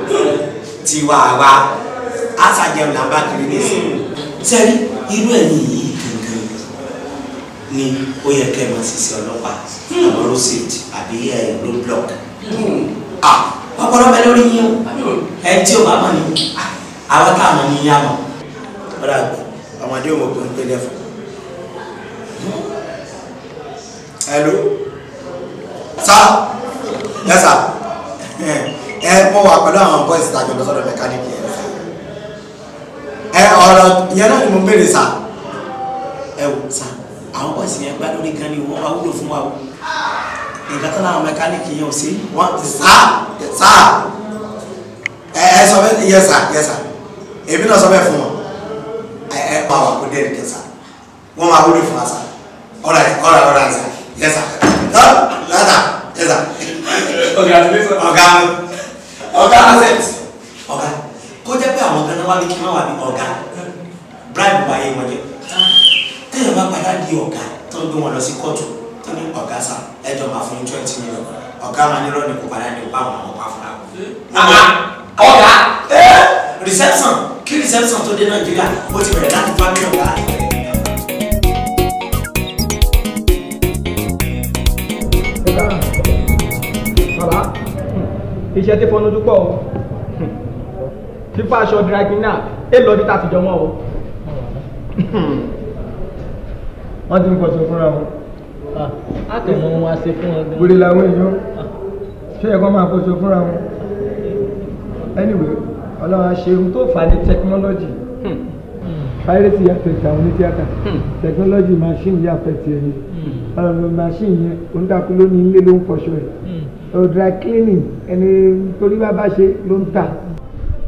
tiwa wa àṣàjẹun là ń bá kiri ní ìsìn. sẹ́rí irú ẹ̀yìn yìí gangan ni ó yẹ kẹ́ ẹ máa ṣiṣẹ́ ọlọ́pàá àbọ̀ rosette àbí ẹ̀ ló block. Hmm. Ah, ọpọlọ bẹ lórí yín o hmm. ẹ tí o bá mọ̀ ní ah, àwọn tá a mọ̀ ní yá mọ̀. ọ̀rọ̀ àgbẹ̀ ọmọdé ò mọ̀ pé ń pè lẹ́fọ̀ọ́. Hello sa yẹ sá ẹ eh, eh, mọ wà pẹ̀lú àwọn boys tàbí lọ́sọ̀rọ̀ mẹkáníìkì yẹn sá eh, ẹ ọ̀rọ̀ yẹn náà ni mo béèrè sá ẹ wò sá àwọn boys yẹn gbá lórí kan ní wọ́n máa wúlò fún wa o nǹkan tó láwọn mẹkáníìkì yẹn ò sí wọ́n ti sá sa ẹ ẹ sọ bẹ́ẹ̀ yẹ sá yẹ sá èmi náà sọ bẹ́ẹ̀ fún wọn ẹ ẹ pa wà kó dé ẹ̀ dẹ̀ sá wọ́n máa wúlò fún wa sá ọ̀rọ̀ ẹ̀ ọ̀rọ̀ ẹ̀ ọ̀rọ̀ ẹ̀ sá yẹ sá ládà ẹ̀dà. ọ̀gá ọ̀gá ọ̀gá asset ọ̀gá kó jẹ́ pé àwọn kan náà wá ní kí wọ́n wà ní ọ̀gá bribe wáyé wọn jẹ tẹ́lẹ̀ bá padà di ọ̀gá tó ń gbé wọn lọ sí kóòtù tó ní ọ̀gá sá ẹjọ́ máa fún twenty million ọ̀gá máa ní lọ́ọ̀nì kó padà ní ọ̀gá àwọn ọmọ pa fúnra wọn. ọ̀gá reception kí reception tó dé Nàìjíríà ó ti bẹ̀rẹ̀ láti gbá ní ọ̀gá. bàbá iṣẹ́ tí fọnú dúpọ̀ o fífa aṣọ dragina é lọ bí tàtijọ́ mọ́ o. wọ́n ti ń pọ̀ sí fúnra wọn. àtẹ̀mọ́ wọn a ṣe fún ọ. wèrè làwọn èèyàn ṣé ẹ̀kọ́ máa pọ̀ sí fúnra wọn. anyway ọlọ́run aṣerun tó fà ní tẹkinọ́lọ́jì hmm. piracy affect àwọn onítìátà hmm. tẹkinọ́lọ́jì machine yìí affect ẹ̀yìn hmm. ọ̀rọ̀ machine yẹn oníkàkú ló ní ilé ló ń fọṣọ ẹ̀ dry cleaning ẹni torí bá bá ṣe ló ń tà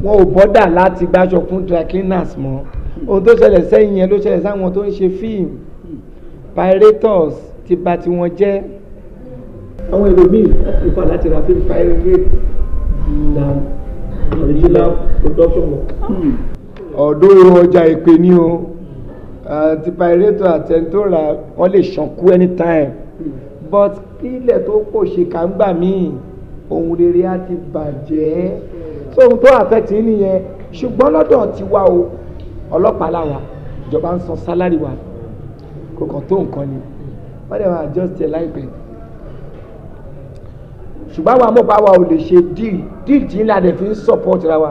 wọn ò bọ́dà láti gbàṣọ fún dry cleaners mọ́ ohun tó ṣẹlẹ̀ sẹ́yìn yẹn ló ṣẹlẹ̀ sáwọn tó ń ṣe fíìmù pirates ti bà tiwọn jẹ́. àwọn ẹlòmíì ìfà láti ra fíìmù pirates na original production wọn. ọ̀dọ́ ọjà ìpè ní o ti pirates àtẹ̀ntó ra wọ́n lè ṣànkú anytime but kílẹ̀ tó kò ṣe kà ń gbà míì ohun rere á ti bàjẹ́ so ohun tó affect yín nìyẹn ṣùgbọ́n lọ́dọ̀ tiwa o ọlọ́pàá làwà ìjọba ń san sálárì wa kò kàn tó nǹkan ni wọ́n dẹ̀ máa adjust ẹ̀ láìpẹ́ ṣùgbọ́n àwọn amóbáwa ò lè ṣe deal deal tí ńlá dẹ̀ fi ń support ra wa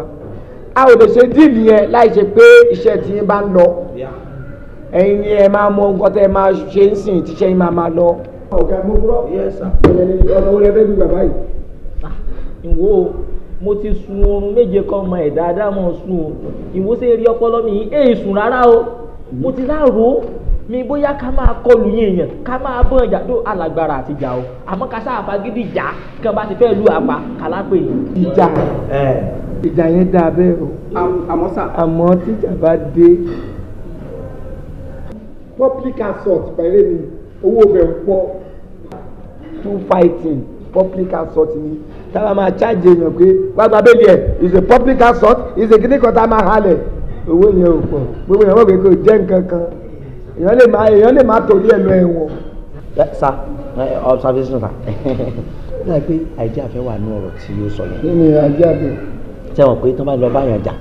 a ò lè ṣe deal yẹn láì ṣe pé iṣẹ́ tí ń bá ń lọ ẹ̀yin ni ẹ máa mọ nǹkan tẹ́ ẹ máa ṣe ń sìn tíṣẹ́ yín máa máa lọ ọ̀gá mo kúrọ̀ ọ̀nà wo lẹ fẹ́ gbé bàbá yìí. ìwọ mo ti sun oorun méje kan mọ ẹ̀ dáadáa mọ̀ sùn o ìwọ ṣe rí ọpọlọ mi èyí e sùn rárá o mo ti láàrò mi bóyá ká máa kọlù yín èèyàn ká máa bọ́ ọjà tó alágbára àti ìjà o àmọ́ ká sáà fagídí ìjà kí wọ́n bá ti fẹ́ lu àpá kàlápè. ìjà ìjà yẹn a bẹ́ẹ̀ o àmọ́ sà àmọ́ tíjà bá dé public assault pẹ̀lú mi owó bẹ̀ ń pọ̀ two fighting public assault ni táwa máa charge èèyàn pé wá gba bẹ́ẹ̀lì ẹ̀ is a public assault is a kìnnìkan tá a máa halẹ̀ owó yẹn ò pọ̀ gbogbo èèyàn wọ́n pé kò jẹ́ nǹkan kan èèyàn lè má èèyàn lè má torí ẹ̀ lọ ẹ̀wọ̀n. sa observation sa ó dàgbé àìjẹ́ àfẹ́ wà ní ọ̀rọ̀ tí ó sọ yẹn. nínú àìjẹ́ àfẹ́. sẹ́wọ̀n pé tó bá lọ báyàn jà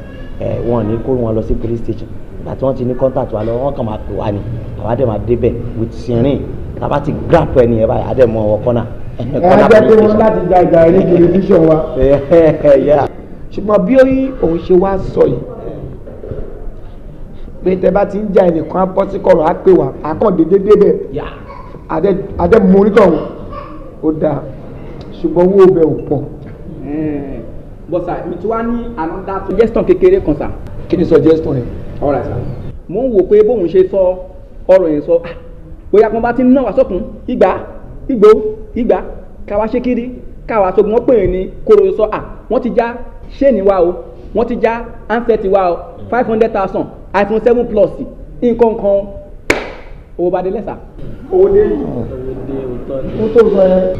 wọ́n ní kó wọn lọ sí police station àti wọ́n ti ní contact wa lọ wọ́n kàn máa pè wá ni àwa dẹ̀ máa débẹ̀ with sirin tábà ti grab ẹni yẹn báyìí adẹ̀ mọ ọwọ́ kọ́nà. ẹ ajá pé wọn láti gba ìgbà rẹ ní tẹlifíṣàn wa. ṣùgbọ́n bí òun ṣe wá sọ yìí pé tẹ bá ti ń ja ẹnìkan á bọ́ sí kọ̀rọ̀ á pè wá àkàndéédé débẹ̀ adẹ́ mọ́nítọ̀ wọn ó dáa ṣùgbọ́n owó ọbẹ̀ ò pọ̀. Hmm. bọ́sà mi ti wá ní àná dá tó. yẹ́sítàn kékeré kan sà kí ni suggestion yẹn. ọ̀rọ̀ àìsàn. mo ń wò pé bóun ṣe sọ ọ̀rọ̀ yẹn sọ ah, bóyá kan bá ti ń ná wa sọ́kùn ìgbà ìgbò ìgbà káwa ṣe kiri káwa sọ́gun wọ́n pè é ní kóró sọ à ah, wọ́n ti já ṣéènì wa o wọ́n ti já handset wa o five hundred thousand iphone seven plus nǹkan kan owó bá dé lẹ́sà. owó dé yìí owó tó sọ ẹ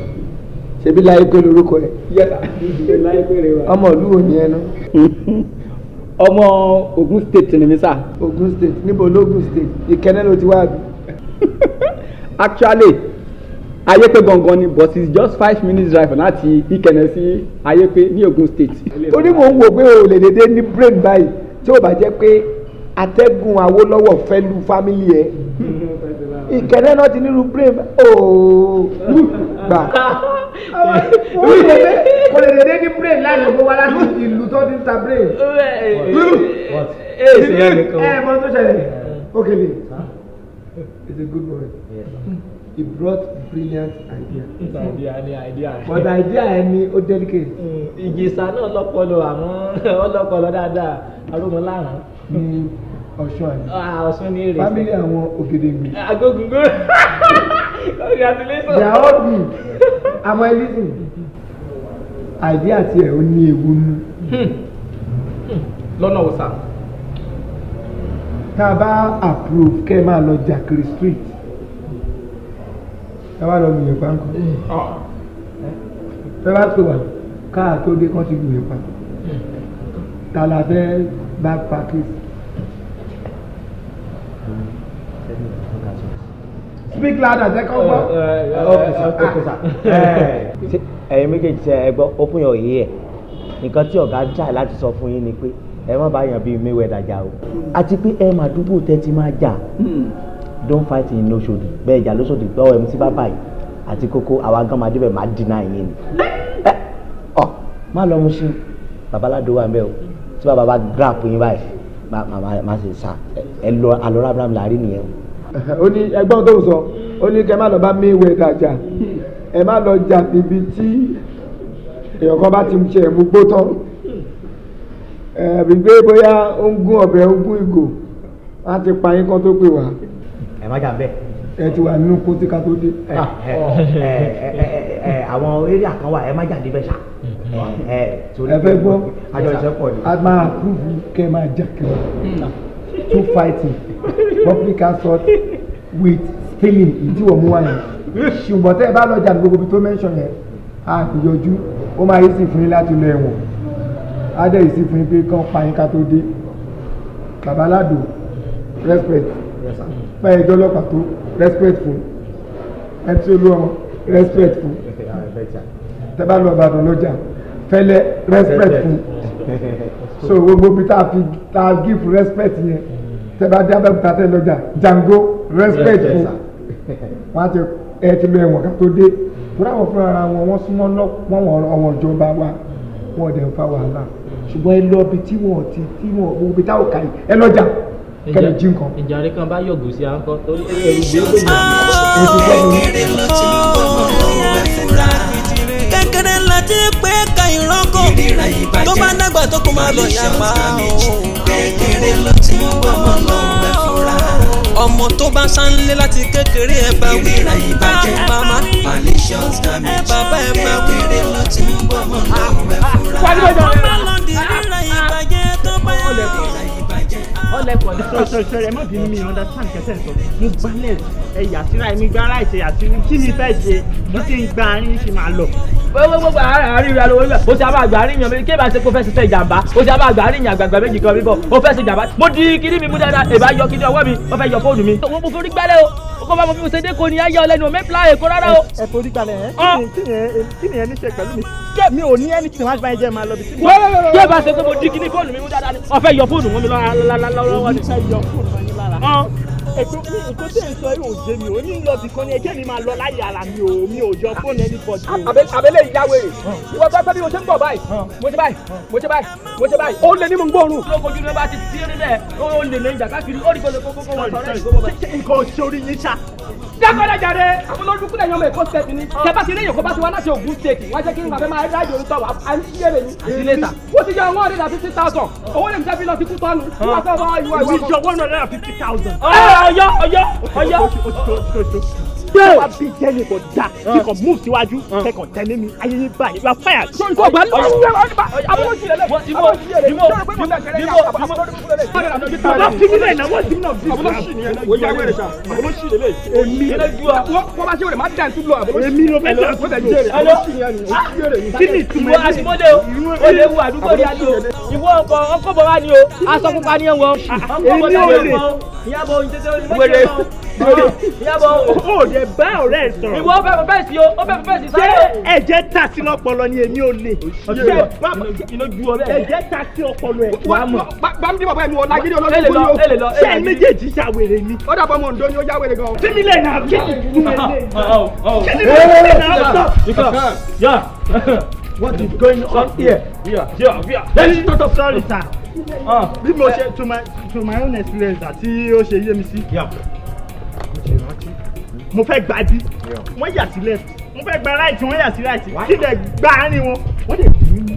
ṣebí láyé pé lórúkọ ẹ. yẹ́sà láyé pé rẹ wa. ọmọ ìlú wo ni ẹ nu. ọmọ Ogun state ni mi sà. Ogun state níbo lógun state ìkẹ́nẹ́ ló ti wá. actually ayépe gangan ni but it's just five minutes drive láti ìkẹ́nẹ́ sí ayépe ní Ogun state. ó ní mò ń wò pé o lè dédé ní brain báyìí tí ó bá jẹ́ pé atẹ́gùn Awólọ́wọ̀ fẹ́ lu family ẹ̀ ìkẹ́nẹ́ náà ti nílùú brain ooo gbà kò lè dédé ní brain láì lè wá láti ìlú tó ti ń ta brain. ẹ mọ tó ṣẹlẹ̀ Okele is a good boy. he brought brilliant idea. idea ni idea. but idea ẹni ó delicate. Mm, ìjìṣà náà lọ́pọlọ àmọ́ ọlọ́pọlọ dáadáa arúgbó láràn. Mm ọ̀ṣun àná. Ah, ọ̀ṣun ní èrè. family àwọn ògèdègbè. Ah, agogungo congratulations. they are all big àmọ́ elisin àìdí àti ẹ̀ ó ní ewu nù. Hmm. Hmm. lọ́nà wo sà. tá a bá approve kẹ́ ẹ máa lọ jàkiri street tá a bá lọ gbìyànjú pánkó tá a bá pè wá káà tó dé kán ti gbìyànjú pánkó hmm. tá a la fẹ́ bá pàkíyèsí. speak louder jẹ́ kọ́ gbọ́. ẹ̀yin méjèèjì ṣe ẹ gbọ́ open your ear nǹkan tí ọ̀gá jà láti sọ fún yín ni pé ẹ má bá yàn bíi Mayweather jà o àti pé ẹ máa dúpọ̀ tẹ́ máa jà hmm. don fight in lóṣòdì bẹ́ẹ̀ jà lóṣòdì gbọ́ ẹ̀ mú sí bàbá yìí àti kókó àwa gan máa débẹ̀ máa dínà yín ni ọ hmm. eh, oh, má lọ mú sí babaládo wa mẹ́ o tí bàbá bá grab yín báyìí má má má ṣe sá ẹ lọ alọ́rábìrán làárí nìyẹn o. ó ní ẹgbọ́n tó ń sọ ó ní kẹ́ má lọ bá Mayweather jà ẹ má lọ jà níbi tí èèyàn kan bá ti ṣe ẹ̀mú gbó tán ẹ̀ẹ́dìgbé bóyá ó ń gún ọ̀bẹ ó ń gún ìgò láti pa yín kan tó pè wá. ẹ má jà bẹ́ẹ̀ ẹ ti wà nínú kóńtì ká tó dé. àwọn eré àkànwá ẹ má jáde bẹ́ẹ̀ ṣá. ẹ fẹ́ gbọ́ àjọṣepọ̀ ni. a máa kúrú kẹ́ ẹ máa jà kẹ́ ẹ hmm. tó fighting public assault with stealing ìdí òmu wa yẹn ṣùgbọ́n tẹ́ ẹ bá lọ jàdú gbogbo tó mention yẹn a kò ó máa yí sí fún yín láti lọ ẹ̀wọ̀n á dẹ̀ yí sí fún yín pé kán pa yín ká tó dé babaládò respect fún ẹjọ́ ọlọ́pàá tó respect fún ẹ tí ó lọ́wọ́ respect fún tẹ́ bá lọ Ìbàdàn lọ́jà fẹ́lẹ́ respect fún so gbogbo bí tá a fi tá a give respect yẹn tẹ́bá jábẹ́ òkúta tẹ́ lọ́jà jango respectful. fún wọn àti ẹ ti lọ ẹ̀wọ̀n ká tó dé fúnra wọn fúnra ara wọn wọ́n súnmọ́ lọ́pọ̀ wọn ọmọ ìjọba wa wọn dẹ̀ ń fa wàhálà ṣùgbọ́n ẹ lọ ibi tí wọn ti tí wọn gbogbo táwọn kà yìí ẹ lọ́jà kẹlẹ̀ jí nǹkan. ìjàre kan bá yọ̀gùn sí àńkọ́ torí ẹrù gbé ló ní àná. kékeré láti pé ka ìrọ́kọ̀ tó bá dàgbà tó kó máa lọ yàgbá o kékeré ló ti ń gbọ́mọ lọ gbà fúnra. ọmọ tó bá sánlé láti kékeré ẹ bá wí ra ìbàjẹ́ mama ah, malicious eh, damage bàbá ẹ bá wí kékeré ló ti ń gbọ́mọ lọ gbà fúnra. ọmọ lọ́ndì ríra ìbàjẹ́ tó bá yà wọ́n ọlẹ́kọ̀ọ́ ní sọ sọ sọ ẹ má bínú mi understand kẹsẹ̀ sọ mo balẹ̀ ẹ yàtúrà ẹ mi gbára ìṣe yàtúrà kí ni fẹ́ ṣe mo ti ń gba arín ṣe máa lọ gbogbo àríra lówó níbẹ̀ o ti a máa gbà àríyàn méjì kébà ṣe kó fẹ́ ṣiṣẹ́ ìjàmbá o ti a máa gbà àríyàn àgbàgbà méjì kan bíbọ̀ o fẹ́ ṣe ìjàmbá mo di kiri mi mú dáadáa èbá yọ kiri ọwọ́ mi wọ́n fẹ́ yọ fóònù mi. owó mo forí gbálẹ̀ o kó bá mo fi ṣe déko ni ayé ọlẹ́nu omi fila èkó rárá o. ẹ forí gbálẹ̀ ẹ kí ni ẹ ní ṣe pẹ̀lú mi. mi ò ní ẹni tí wọn bá jẹ máa lọ bí. kí ẹ bá ṣe pé mo di kiri fóònù mi mú dáadáa ni wọ́n fẹ́ yọ fóònù mi lọ́wọ́ ètò nǹkan tẹ̀ ń sọ yóò jẹ mi ò ní lọ bìkan ni ẹjẹ́ mi máa lọ láyé ara mi ò mi ò jọ fóònù ẹni pọ̀ jù. àbẹ̀lẹ̀ ìyá wèrè ìwọ pẹ́pẹ́ bí mo ṣe ń bọ̀ báyìí mo ṣe báyìí mo ṣe báyìí mo ṣe báyìí ó lè ní mo ń gbóòórùn. lókojú ní bá ti tiẹ́ nílẹ̀ ó lè ní ìjà káàkiri ó rí kó lè kó kó kó wọn sọ̀rọ̀ ìgbó dákọ̀dá jàre àwọn olódùkú lẹ́yìn ọmọ èkó state ni tẹ́fà sí eléyìí kó bá ti wá láti Ògùn state wọ́n jẹ́ kí n bàbá máa rájò orúkọ wa à ń yéèrè ní ìdílẹ́ta ó ti jẹ́ owó ọ̀rẹ́ náà fifty thousand owó lè jẹ́ bí lọ́ọ́ ti kú tọ́nu wọ́n fẹ́ wá ìwà ìwà kan. ìjọ one hundred and fifty thousand. ọyọ ọyọ ọyọ dé. wá bí jẹ́ni kò da kí kò move síwájú kẹ́kọ̀ọ́ tẹ́lẹ̀ mi ayé yín báyìí you are fired. sọ ìkọ̀ bá lọ sí ẹ̀rọ ọ̀nìbà àbúròsí lẹ̀lẹ̀ àbúròsí lẹ̀lẹ̀ sọ̀rọ̀ pé mo tẹ̀sẹ̀ lẹ́yìn àwọn àbúròsí lẹ̀lẹ̀. bàbá fi mi lẹ́yìn àwọn ìdílé náà bí ìgbà àbúròsí lẹ̀lẹ̀ àbúròsí lẹ̀lẹ̀ èmi wọ́n bá ṣe wẹ̀rẹ̀ má dàn tún lọ àbúròsí. èmi ló bẹ́ẹ̀ dàn tún lọ. Ah! kí ni ìtumọ̀ ìwọ àtìmọ́lé o o lè wu àdúgbò ní àdó ìwọ ọkọ ọkọ bọ̀ wá ni o aṣọ pupa ni ẹ wọ ọkọ bọ̀ wá ni ẹ wọ ìyá bọ̀ oyin tẹ́tẹ́ wẹ́rẹ́ o ò dẹ bá ọ̀rẹ́ ẹ sọ̀rọ̀. ìwọ ọbẹ̀ bẹ̀bẹ̀ sí o ọbẹ̀ bẹ̀bẹ̀ sí sáré. ṣé ẹ̀jẹ̀ ta sí lọ́pọlọ ni èmi ò lè. ẹ̀jẹ̀ ta sí ọpọlọ ẹ̀ wà mọ̀. bámi bíbọ̀ bẹ́ẹ̀ ni wọ́n lágídí olórí ìlú yóò. ṣé ẹ méjèèjì ṣàwèrè ni. ó dàbọ̀ mọ̀ ǹdọ́ ni ó já wèrè gan. kí ni lè nà kí ni lè nà. kí ni lè nà What is going on here? Yeah, yeah, yeah. Let's talk of sorry, ah. sir. Bí mo ṣe to my to my own experience àti ó ṣe yé mi sí mo fẹ́ gba bí wọ́n yà sí left mo fẹ́ gba right wọ́n yà sí right kí lè gba àárín wọn wọ́n lè bí mi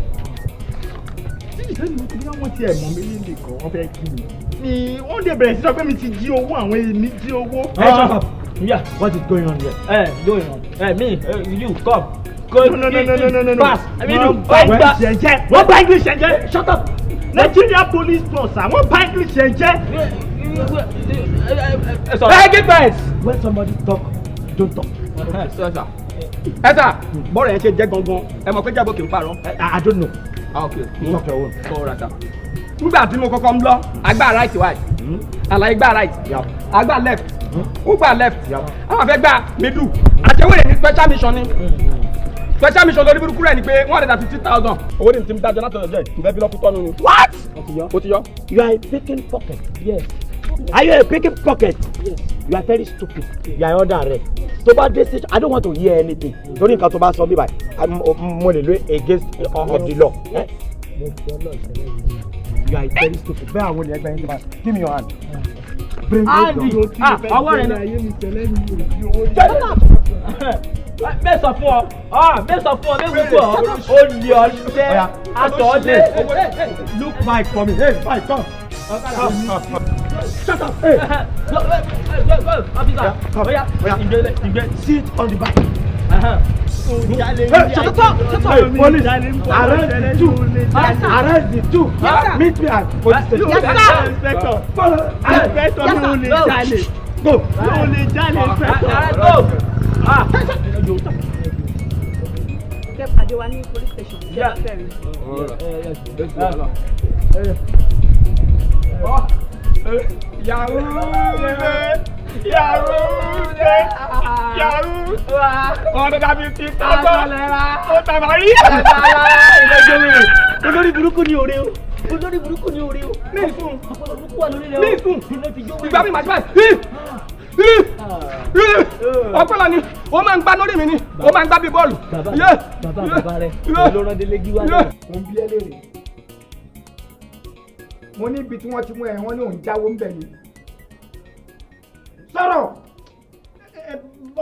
sẹ́ni mo ti rí àwọn tí ẹ̀ mọ̀ mí nílé kan wọ́n fẹ́ kí mi ni wọ́n dẹ̀ bẹ̀rẹ̀ sí sọ pé mi ti jí owó àwọn èmi jí owó. ẹ ṣọ́kọ̀ yeah what is going on here? ẹ eh, hey, going on hey, eh, me eh, you come no no no no no no no no pass Aminu wọ́n gba ẹ̀jẹ̀ wọ́n gba English ẹ̀jẹ̀ shut up Nigeria police force ah what gba English ẹ̀jẹ̀. ẹ give us. when somebody talk don't talk. sir. Sir, sà bọ́ọ̀rọ̀ say ṣe jẹ́ gangan ẹ mọ̀ pé jábọ̀ kì í parọ́. I don't know. ah okay you talk your own. right, sir. nígbà tí mo kọ́kọ́ ń lọ agbá right wide àlàyé gbá right agbá left ó gbá left àwọn afẹ́ gbá middle àtẹ̀wé ní special mission ni special mission lórí burúkú rẹ̀ ni pé one hundred and fifty thousand. owó ni tìmí dájọ́ látọ̀dọ̀ jẹ́ ìfẹ́ bí lọ́kùtọ́ nínú. what. o ti yọ. o ti yọ. you are a picking pocket. yes. are you a picking pocket. yes. you are very stupid. you are under arrest. tó bá dé stage i don't want to hear anything. lórí nǹkan tó bá sọ bíbá mo lè lo against the law. mo fi ọlọ́ọ̀ ìṣẹ̀lẹ̀ yìí. you are very stupid. bẹ́ẹ̀ àwọn olè ẹgbẹ́ give me your hand. bring me your ah, hand mẹ́sàn fún ọ ah, mẹ́sàn fún ọ mẹ́wùú kọ ó lè ọ lẹ́ atọ́ ọdẹ look my for me hey my come. Shut up! Hey! Go, go, go, go, officer! Oya, ìgbẹ́ ìgbẹ́ sit on the back. Hey, shut up! Shut up! Hey, police! Arrest the two! Arrest the two! Meet me at police station. Yes, sir! Inspector! Follow! Inspector! Yes, sir! go. o lè jalè fẹ́. go. kẹ́ pàdé wa ní police station ṣé ẹ fẹ́ rí. yàrá rẹ̀ yàrúndé yàrúndé ọ̀dọ̀ dàbí ti tágbọ́ ó tàbá rí. olórí burúkú ni òre o olórí burúkú ni orí o mí fún mí fún ìgbà mi màá ti báyìí ọpọlọ ni o máa ń gbá lórí mi ni o máa ń gbá bí bọ́ọ̀lù. bàbá bàbá rẹ olóró délé gíwá náà. mo ń bí ẹ léèrè mo ní ibi tí wọ́n ti mú ẹ wọ́n ní òun jáwọ́ ń bẹ̀ ni. sọ̀rọ̀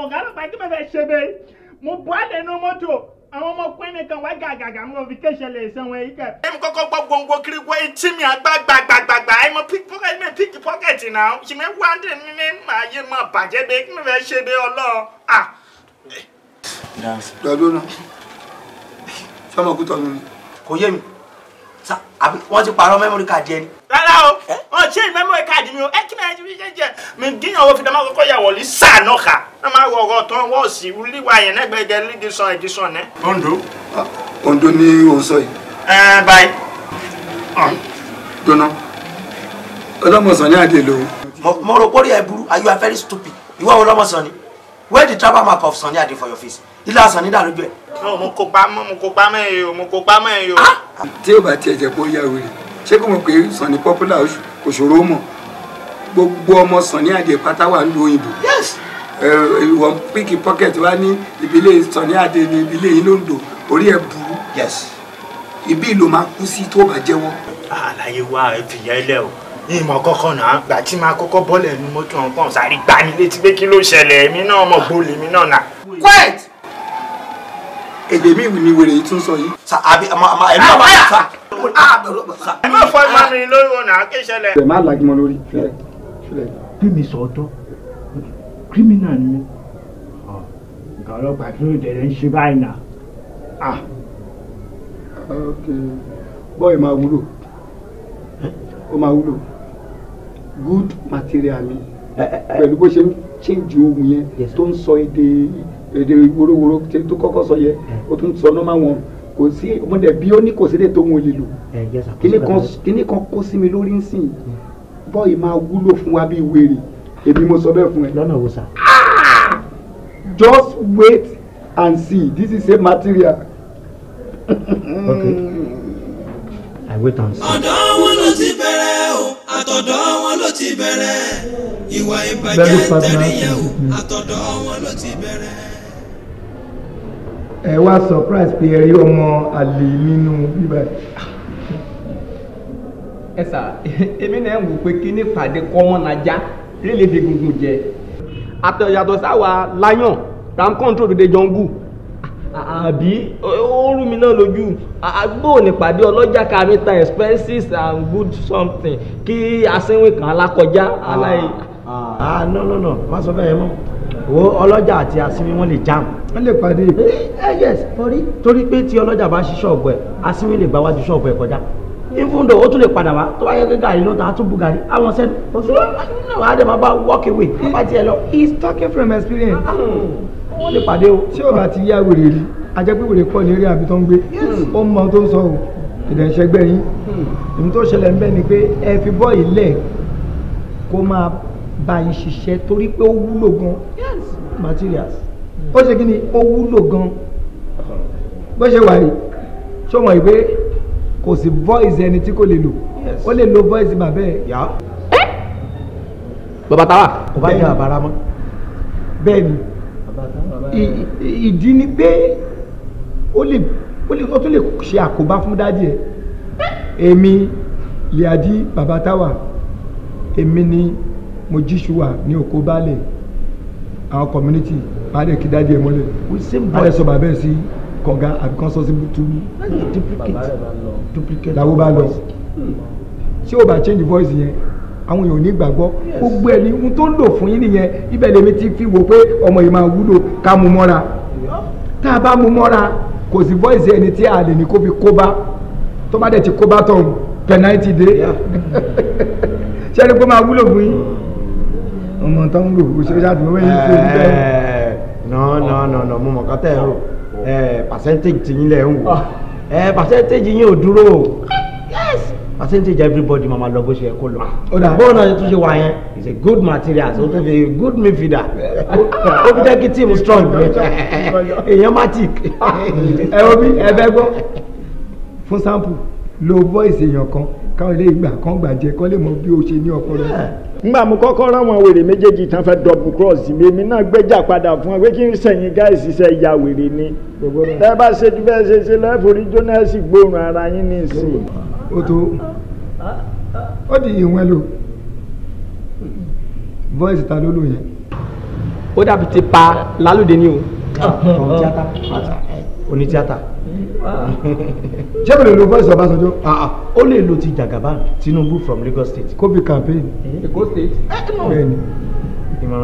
ọ̀gá ló pa kí mo fẹ́ ṣe bẹ́ẹ̀ mo bọ́ àlẹ́ inú mọ́tò àwọn ọmọkùnrin kan wá gàgàgà mo fi kéṣe lè san wọn yìí kẹ. ẹ mi kọ́kọ́ gbọ́ gbòǹgbò kiri wọ etí mi àgbàgbàgbàgbà ẹ mọ pick pocket mi pick pocket náà ṣì mi wá dé ní màá yé mọ bàjẹ́ bẹ́ẹ̀ kí mi fẹ́ ṣe bẹ́ẹ̀ ọlọ́ọ̀ à. Ah! dàdúrà sọmọkútọ mi ni. kò yé mi àbí wọ́n ti pààrọ̀ memory card yẹn ni. rárá o wọn ṣe memory card mi o ẹ kí ni ẹni fi ṣe jẹ mi díyàn owó fi dá máa kọ́kọ́ yàwọ̀ lì sàánú ká wọn máa wọ ọ̀rọ̀ tán wọ́ọ̀ sí wíwá yẹn lẹ́gbẹ̀ẹ́gẹ́ lídìí sàn ẹ̀dí sàn ẹ̀. ondo ah, ondo ni o sọ yìí. ẹ báyìí. Ah. dunu ọlọmọsàn ni àdè lòun. mo rò pé orí ẹ burú ah, are you very stupid ìwọ ọlọmọsàn ni where the travel mark of Sunny Ade for your face ilé àsàn ní dàrú bẹ́ẹ̀ mo tí o bá tiẹ̀ jẹ́ pé ó yá wèrè ṣé kò mọ̀ pé Sunny popular kò mọ̀ gbogbo ọmọ Sunny Adé pátá wà ń lo òyìnbó ìwọ̀n píkì pocket wá ní ìbílẹ̀ Sunny Adé ní ìbílẹ̀ yìí lóńdó orí ẹ̀ burú ibi ìlò máa kú sí tó bá jẹ́wọ́. àlàyé wa ìfìyàn ẹlẹ o ìmọ̀ kọ́kọ́ náà gbà tí máa kọ́kọ́ bọ́ọ̀lù ẹnu mọ́tò ọ̀hún kan sáré gbani létí pé kí ló ṣẹlẹ̀ èmi náà mọ̀ gbólé mi náà nà. quiet èdè mi ni wèrè yìí tún sọ yìí. sa àbí ẹ̀mí àwọn ọmọ sa. ẹ má fọ ẹgbẹ́ mi lórí wọn náà kí ìṣẹ̀lẹ̀. ẹ má lagi mọ lórí bí mi sọ ọtọ kírímìnà ni nǹkan ọlọ́pàá tó dẹrẹ ń ṣe báyìí náà. bọ́ọ̀ì máa wúlò ó máa wúlò good material ni pẹ̀lú bó ṣe ń change ohun yẹn tó ń sọ èdè yìí èdè worowóró tó kọ́kọ́ sọ yẹ mm. ó tún sọ nọ́mà wọn kò sí ọmọdé bí ó ní kò sí lè tó wọn lè lò kíní kan kó sí mi lórí nsìn mm. bọ́ọ̀ì máa wúlò fún wa bíi wèrè èmi mo sọ bẹ́ẹ̀ fún ẹ. lọ́nà wo sà. Ah! just wait and see this is a material. okay i wait and see. ọ̀dọ́ wọn ló ti bẹ̀rẹ̀ o àtọ̀dọ̀ wọn ló ti bẹ̀rẹ̀ ìwà ìbàjẹ́ tẹ̀lé yẹn o àtọ̀dọ̀ wọn ló ti bẹ̀rẹ̀ ẹ wá surprise pé ẹ rí ọmọ àlè nínú bíbá. ẹ sà èmi náà ń wò pé kí ní pàdé kọ́mọ́nàjà rélẹ̀dẹ̀ gungun jẹ àtọ̀yàtọ̀ sáwà lion ram control dèdè jọ̀ǹgù àbí ooru mi náà lójú àgbò nípàdé ọlọ́jà kárí tan expenses and good something kí asínwìn kan alákọjá aláì. ah no no no má sọ bẹ́ẹ̀ mọ́ wo ọlọ́jà àti asinmi wọ́n lè jam. wọ́n lè pàdé. ẹ eh, eh, yes torí torí pé tí ọlọ́jà bá ṣí ṣọ́ọ̀bù ẹ̀ asinmi lè gbà wájú ṣọ́ọ̀bù ẹ̀ kọjá even though ó tún lè padà wá tó bá yẹ kí gàrí ló ta á tún bu gàrí àwọn sẹ́nu oṣù náà á dẹ̀ máa bá walk away wọ́n bá tiẹ̀ lọ. he is talking from experience. Ah, hmm. wọ́n lè pàdé o. tí o bá ti yá wèrè rí ajẹ́pẹ́ wèrè pọ̀ ní eré àbí tó ń gbé hmm. ó mọ tó ń sọ o ìdẹ̀nsẹ̀gbẹ́ yín ìmú hmm. tó ṣẹlẹ̀ ńbẹ́ ni pé ẹ fi bọ́ọ̀lì lẹ̀ kó máa bá yín ṣiṣẹ́ torí pé ó wúlò gan materials hmm. ó ṣe kí ni ó wúlò gan bó ṣe wà yìí ṣó mọ̀ ìwé kò sí voice ẹni tí kò lè lò ó lè lo voice bàbá ẹ̀ yá. bàbá táwa. kò bá jẹ àbára mọ́ bẹ́ẹ̀ ni ìdí ni pé ó lè ó tún lè ṣe àkóbá fún dádì ẹ̀ èmi lè adi bàbá táwa èmi ni mo jíṣu wà ní òkú balẹ̀ àwọn community máa dẹ̀ kí dájú ẹ̀ mọ́lẹ̀ alẹ́ sọ bàbá ẹ̀ sí kọ̀ǹga àbí consulting túbú duplicate làwọn bá lọ ṣé o bá change voice yẹn àwọn èèyàn ò ní gbàgbọ́ gbogbo ẹni ohun tó ń lò fún yín nìyẹn ibẹ̀ lèmi ti fi wò pé ọmọ yìí máa wúlò ká mú mọ́ra tá a bá mú mọ́ra kò sí voice ẹni tí a lè ní kó fi kóbá tó bá dẹ̀ ti kóbá tán pẹ̀náìtì dé ṣé ẹni pé máa wúlò fún yín ọmọ tó ń rò ó ṣe ṣáàtì wọ́n yìí ṣe ń bẹ́ẹ̀. nọ nọ nọ nọ mo mọ̀ kọ́ tẹ̀ ń rò oh. eh, percentage ti yín lẹ̀ ń wò ah. eh, percentage yín ò dúró o percentage everybody mama lọ bó ṣe yẹ kó lọ bóun náà tún ṣe wà yẹn it's a good material so to be good midfielder ó fi jẹ́ kí team strong èèyàn matic ẹ obi ẹ bẹ gbọ́ fún sample lo voice èèyàn kan káwọn ilé ìgbà kan gbà jẹ kọ́ lè mọ bí o ṣe ní ọpọlọ ngbà mo kọ́kọ́ rán wọn wèrè méjèèjì tán fẹ́ double cross mi èmi náà gbéjà padà fún wọn pé kí n sẹ̀yìn gáìsì sẹ́ ya wèrè ni tẹ́ bá ṣe ju bẹ́ẹ̀ ṣe ṣe lẹ́fọ̀rí jónẹ́sì gbóòórùn ara yín ní ìsìn. o tó ó di ìwọ̀n lò voice ta ló lò yẹn. ó dàbí ti pa lálùdé ni o. oní oní tíátà. Ah. ṣé mi lè lo voice of Ọbásanjọ́. Ah, ah. ó lè lo ti Jagaban Tinubu from Lagos state. kobe campaign. Eh, Èkó state. Eh, bẹ́ẹ̀ni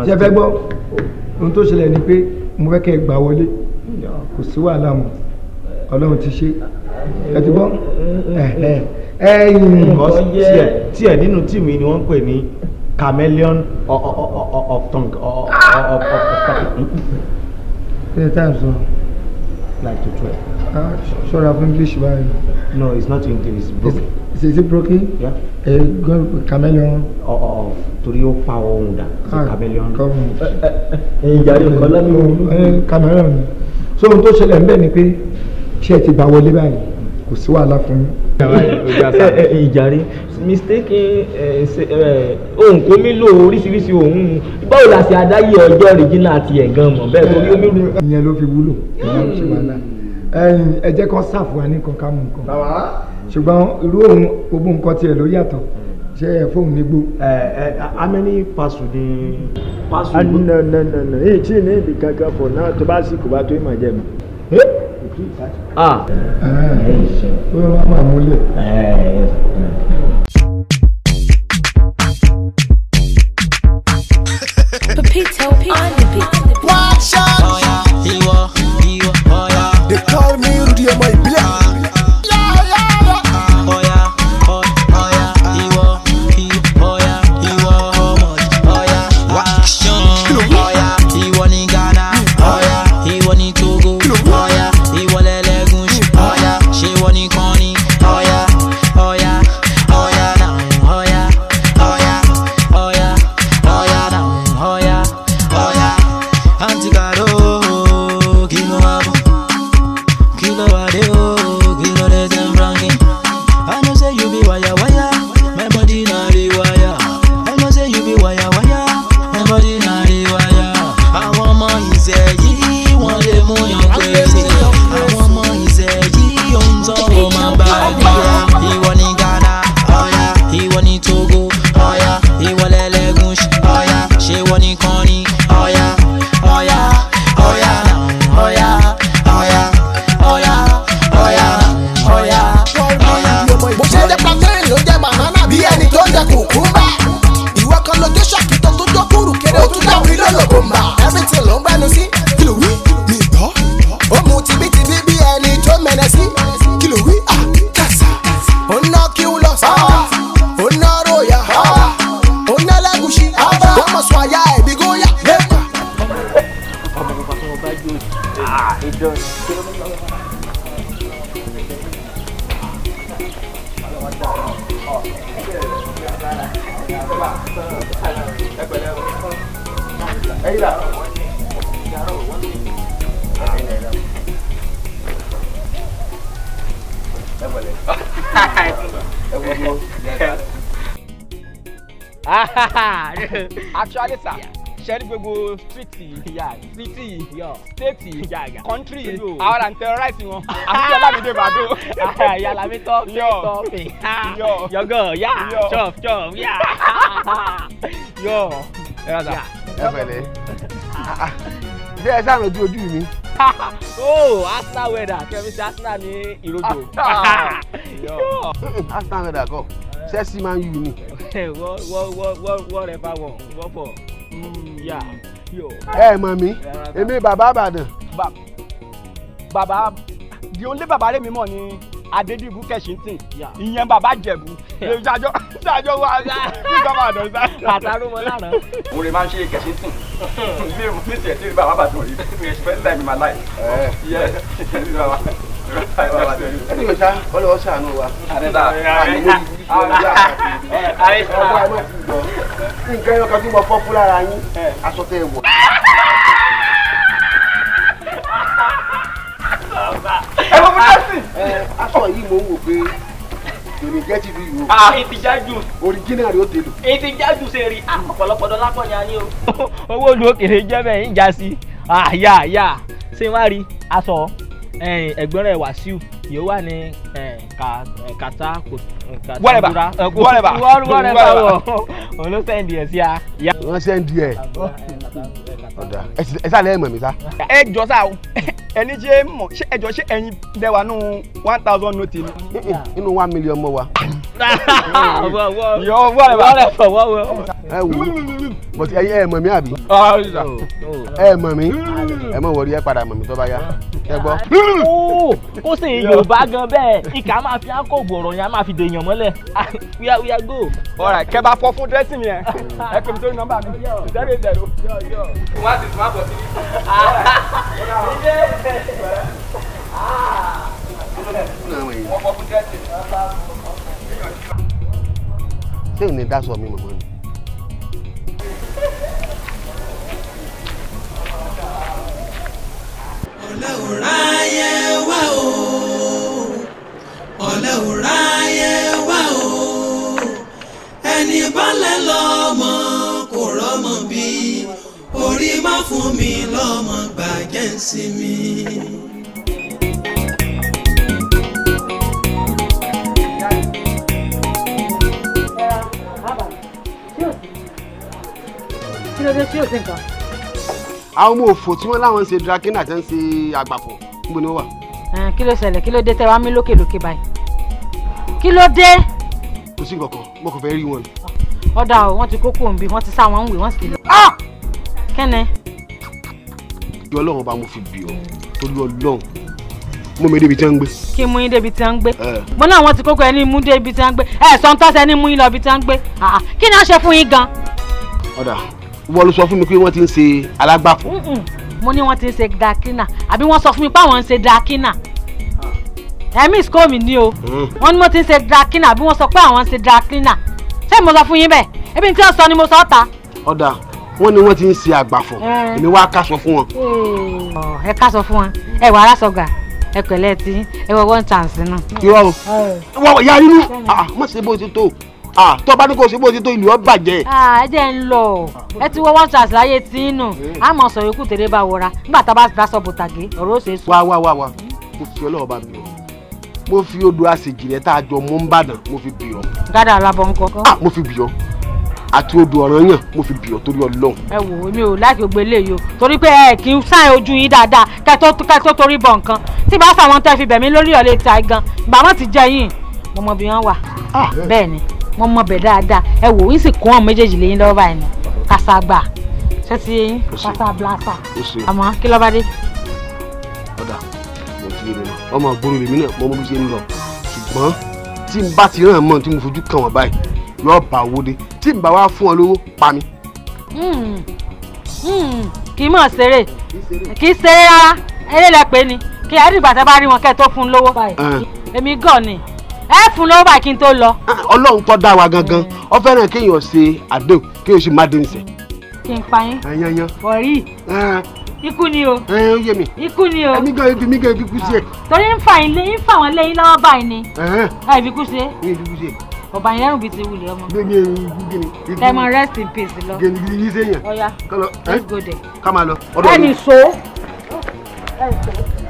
ṣe fẹ́ gbọ́ ohun tó ṣẹlẹ̀ ni pé mo fẹ́ kẹ́ ẹ gbà wọlé kò sí wàhálà mọ́ Ọlọ́run ti ṣe ẹ ti gbọ́ eh, ẹ̀yìn. tiẹ̀ nínú tíìmù yìí ni wọ́n ń pè ní chameleon of tongue of tongue. three times one like to twelve ṣọ́ra ah, fún english báyìí. no it's not english it's broken. is, is it broken. yeah. ẹ gan chameleon. ọ ọ ọ torí ó A ohun dà. ah chameleon. Eh, chameleon so ohun tó ṣẹlẹ̀ ń bẹ̀ ni pé ṣé ẹ ti gbà wọlé báyìí kò sí wàhálà fún yín ìjàre mistake eh, eh, ohun kò mí lò oríṣiríṣi ohun báwo la ṣe adáyé ọjọ́ regina àti ẹ̀gán mọ̀ bẹ́ẹ̀ torí omi rú. ìyẹn ló fi wúlò hmm ẹ jẹ́ kó ṣàfù wa ní nǹkan ká mú nǹkan ṣùgbọ́n irú òun gbogbo nǹkan tiẹ̀ ló yàtọ̀ ṣe ẹ fóun nígbó. ẹ ẹ how pasu ni. pasu ló nà nà nà nà èyí tí ní ibi kankan fọ náà tó bá sì kò bá tó ìmọ̀ jẹ mi. ah ẹ ẹ ṣe. ó máa mú lè. ẹ ẹ ṣe. Pepito, Pepito. actually sir ṣẹ́rí gbogbo street ìyá city ìyá state ìyá country ìlú àwọn là ń terrorize wọn àti ọlámídé bàdó. yàrá mi tọ́ fi tọ́ fi yọgọ yá chop chop yá yọ ẹ rà sà. ẹ pẹ̀lẹ́ ṣé ẹ sáà lójú ojú mi. oh Arsenal weather kẹmi ṣe Arsenal ní ìrojò. Arsenal weather kọ Chelsea man u ni whatever one what for mm, ya yo. ẹ mọ̀ mi èmi bàbá àbàdàn. bàbá di only bàbá rẹ̀ mi mọ̀ ni adedibu kẹsìntìn ìyẹn bàbá jẹ̀bú ṣàjọ ṣàjọ wa nígbà máa dọ̀ sá. àtàrúmọ lára. mo lè máa ń ṣe kẹsìntìn mi ò ní tiẹ̀ tí bàbá bàtò rí mi ò fẹ́ láì mi máa láì. Eh. ẹni mi ta ọlọ́wọ́ sànù wa nǹkan yọkan tí mo fọ́ fún lára yín aṣọ tẹ wọ̀. ẹ bọ́ fún tẹ́sí. aṣọ yìí mo ń wò pé èmi jẹ́ ti fi yòó. a ti jájú. orijinal yóò tẹlu. èyí ti jájú sẹ́ẹ̀rì ọ̀pọ̀lọpọ̀ dọ́là pọ̀ ní ayé o. owó olùkèrè jẹ́ bẹ́ẹ̀ ń já sí àyà àyà ṣé wàá rí aṣọ. Eh, ẹ̀gbọ́n rẹ̀ Wàsíù yóò wà ní kàtà wọ́rẹ̀bà wọ́rẹ̀bà wọ́rẹ̀bà wọ̀ òun ló sẹ́ndì ẹ̀ sí a. wọ́n sẹ́ndì ẹ̀ ọ̀dà ẹ sálẹ̀ ẹ̀ mọ̀ mi sá. ẹ jọ sá o ẹni tí ẹ mọ̀ ẹ jọ ṣé ẹyin dẹwà nù one thousand note ni. inú one million mọ wa ẹ wù but ẹ ẹ mọ̀ mi àbí. ẹ mọ̀ mi ẹ mọ̀ wọrí ẹ padà mọ̀ mi tó bá yá ẹ gbọ́. kó sì yorùbá gan bẹ́ẹ̀ ìkà máa fi ákọ̀gbọ̀ ọ̀rọ̀ yẹn á máa fi dèèyàn mọ́lẹ̀ wíyá wíyá go. ọ̀rẹ́ kẹ́ bá fọ́ fún dírẹ́sì mi yẹn ẹ pèmí sórí nọ́mbà mi zero zero. wọ́n á sì tún wá bọ̀ sí mi. wọ́n fọ́ fún dírẹ́sì mi ṣé ò ní dáṣọ mi mọ̀mọ́ ni. ọ̀lẹ́ ò ráyé wá o ọ̀lẹ́ ò ráyé wá o ẹni balẹ̀ lọ́mọ kò rọ́mọ bí orí má mi lọ́mọ gbàjẹ́ sí mi. kí ló dé tí ò sí nǹkan. àwọn ọmọ òfò tí wọ́n láwọn ń ṣe drakena àti ń ṣe àgbàpọ̀ níbo ni wọ́n wà. kí ló ṣẹlẹ̀ kí ló dé tẹ wá mí lókè lókè báyìí kí ló dé. kò sí nǹkan mo kàn fẹ́ rí wọn. ọ̀dà o wọ́n ti kó kó òǹbí wọ́n ti sá wọn ń wè wọ́n sì ti lọ. Ah! kẹ́nẹ̀. ìjọ ọlọ́run bá mo fi bì ọ́ torí ọlọ́run mú mi débi tí wọ́n ń gbé. kí mú yín débi tí wọ́n ń gbé. mo náà wọ́n ti kókó ẹni mú débi tí wọ́n wọ́n ló sọ fún mi pé wọ́n ti ń ṣe alágbàfọ̀. mo ní wọ́n ti ń ṣe dakina àbí wọ́n sọ fún mi pé àwọn ń ṣe dakina ah. ẹ̀mí school mi ni o mm. wọ́n ní mo ti ń ṣe dakina àbí wọ́n sọ pé àwọn ń ṣe dakina ṣé mo sọ fún yín bẹ́ẹ̀ ebi ní tí wọ́n sọ ni mo sọ ta. ọ̀dà wọ́n ní wọ́n ti ń ṣe àgbàfọ̀ eh. èmi wá kásọ fún wọn. Eh. ẹ kásọ fún wọn ẹ wà á sọgbà ẹ pẹ̀lẹ́ tí ẹ wọ one chance náà. irọ́ o eh. ìyá inú ah, mọ̀ ṣe bó ti tó o ah tó bá ní kó o ṣe bó o ṣe tó ìlú ọ bàjẹ́. Ah, ẹ jẹ́ ń lọ ẹ ti wọ one chance láyé tí ń nù á eh. mọ̀ sọ̀rọ̀ ikú tèrè bá wọra nígbà tá a bá daṣọ bòtàgé ọ̀rọ̀ ó ṣe é sùn. wá wá wá wá mo fi ọlọ́wọ́ bá mi mo fi odò àṣejì rẹ tá a jọ mú ń bàdàn mo fi bì ọ́. gádà alábọ̀ ńkọ́. ah mo fi bì ọ́ àti odò ọ̀ràn yàn mo fi bì ọ́ torí ọlọ́run. ẹ wò mi ò láti gbogbo eléyìí o torí pé ẹ kì í fi bẹ̀mí lórí ọ̀lẹ́ ta gan bàmọ́ ti jẹ yín mo mọ wọ́n mọ̀ bẹ̀ dáadáa ẹ wò ó sì kún ọ̀n méjèèjì lẹ́yìn lọ́wọ́ báyìí ni kàṣàgbà ṣé ti yẹn kàṣàblásà àmọ́ kí ló bá dé. ọ̀dà mo ti yé mi náà ọmọ àgbóró lèmi náà mo mọ bí ṣe ń lọ ṣùgbọ́n tí n bá ti ràn mọ́ tí mo fojú kàn wọ́n báyìí yóò bá owó dé tí n bá wá fún ọ lówó pa mi. Hmm. Hmm. kì í mọ̀ ṣeré kì í ṣeré rárá eré ni kí ẹ bá rí wọn kẹ́ tó fún un lówó. èmi gọ̀ ni ẹ fún nọ́mbà kí n tó lọ. Ah, ọlọ́run tó dá wa gangan ó fẹ́ràn kéèyàn ṣe àdéhùn kéèyàn ṣe má dénú sẹ̀. kí n pa yín. ẹyẹyẹ. wọ̀rí. Ah. ikú ni o. ẹ ẹ yé mi. ikú ni o. èmi gan ebi mi gan ebi kú sí ẹ. Ah, torí ń fa ilé ń fa àwọn ilé yín lọ́wọ́ báyìí ni. ẹ ẹ ibi kú sí ẹ. ibi kú sí ẹ. ọba yẹn lẹ́rù ti wulẹ̀ ọmọ. gbẹ̀ngẹ̀ ibi gini. tẹmọ rest in peace lọ. gẹ̀nìgì yìí sẹ́yìn. ọya let's go there. ká máa lọ. ẹnì so. ẹ ẹ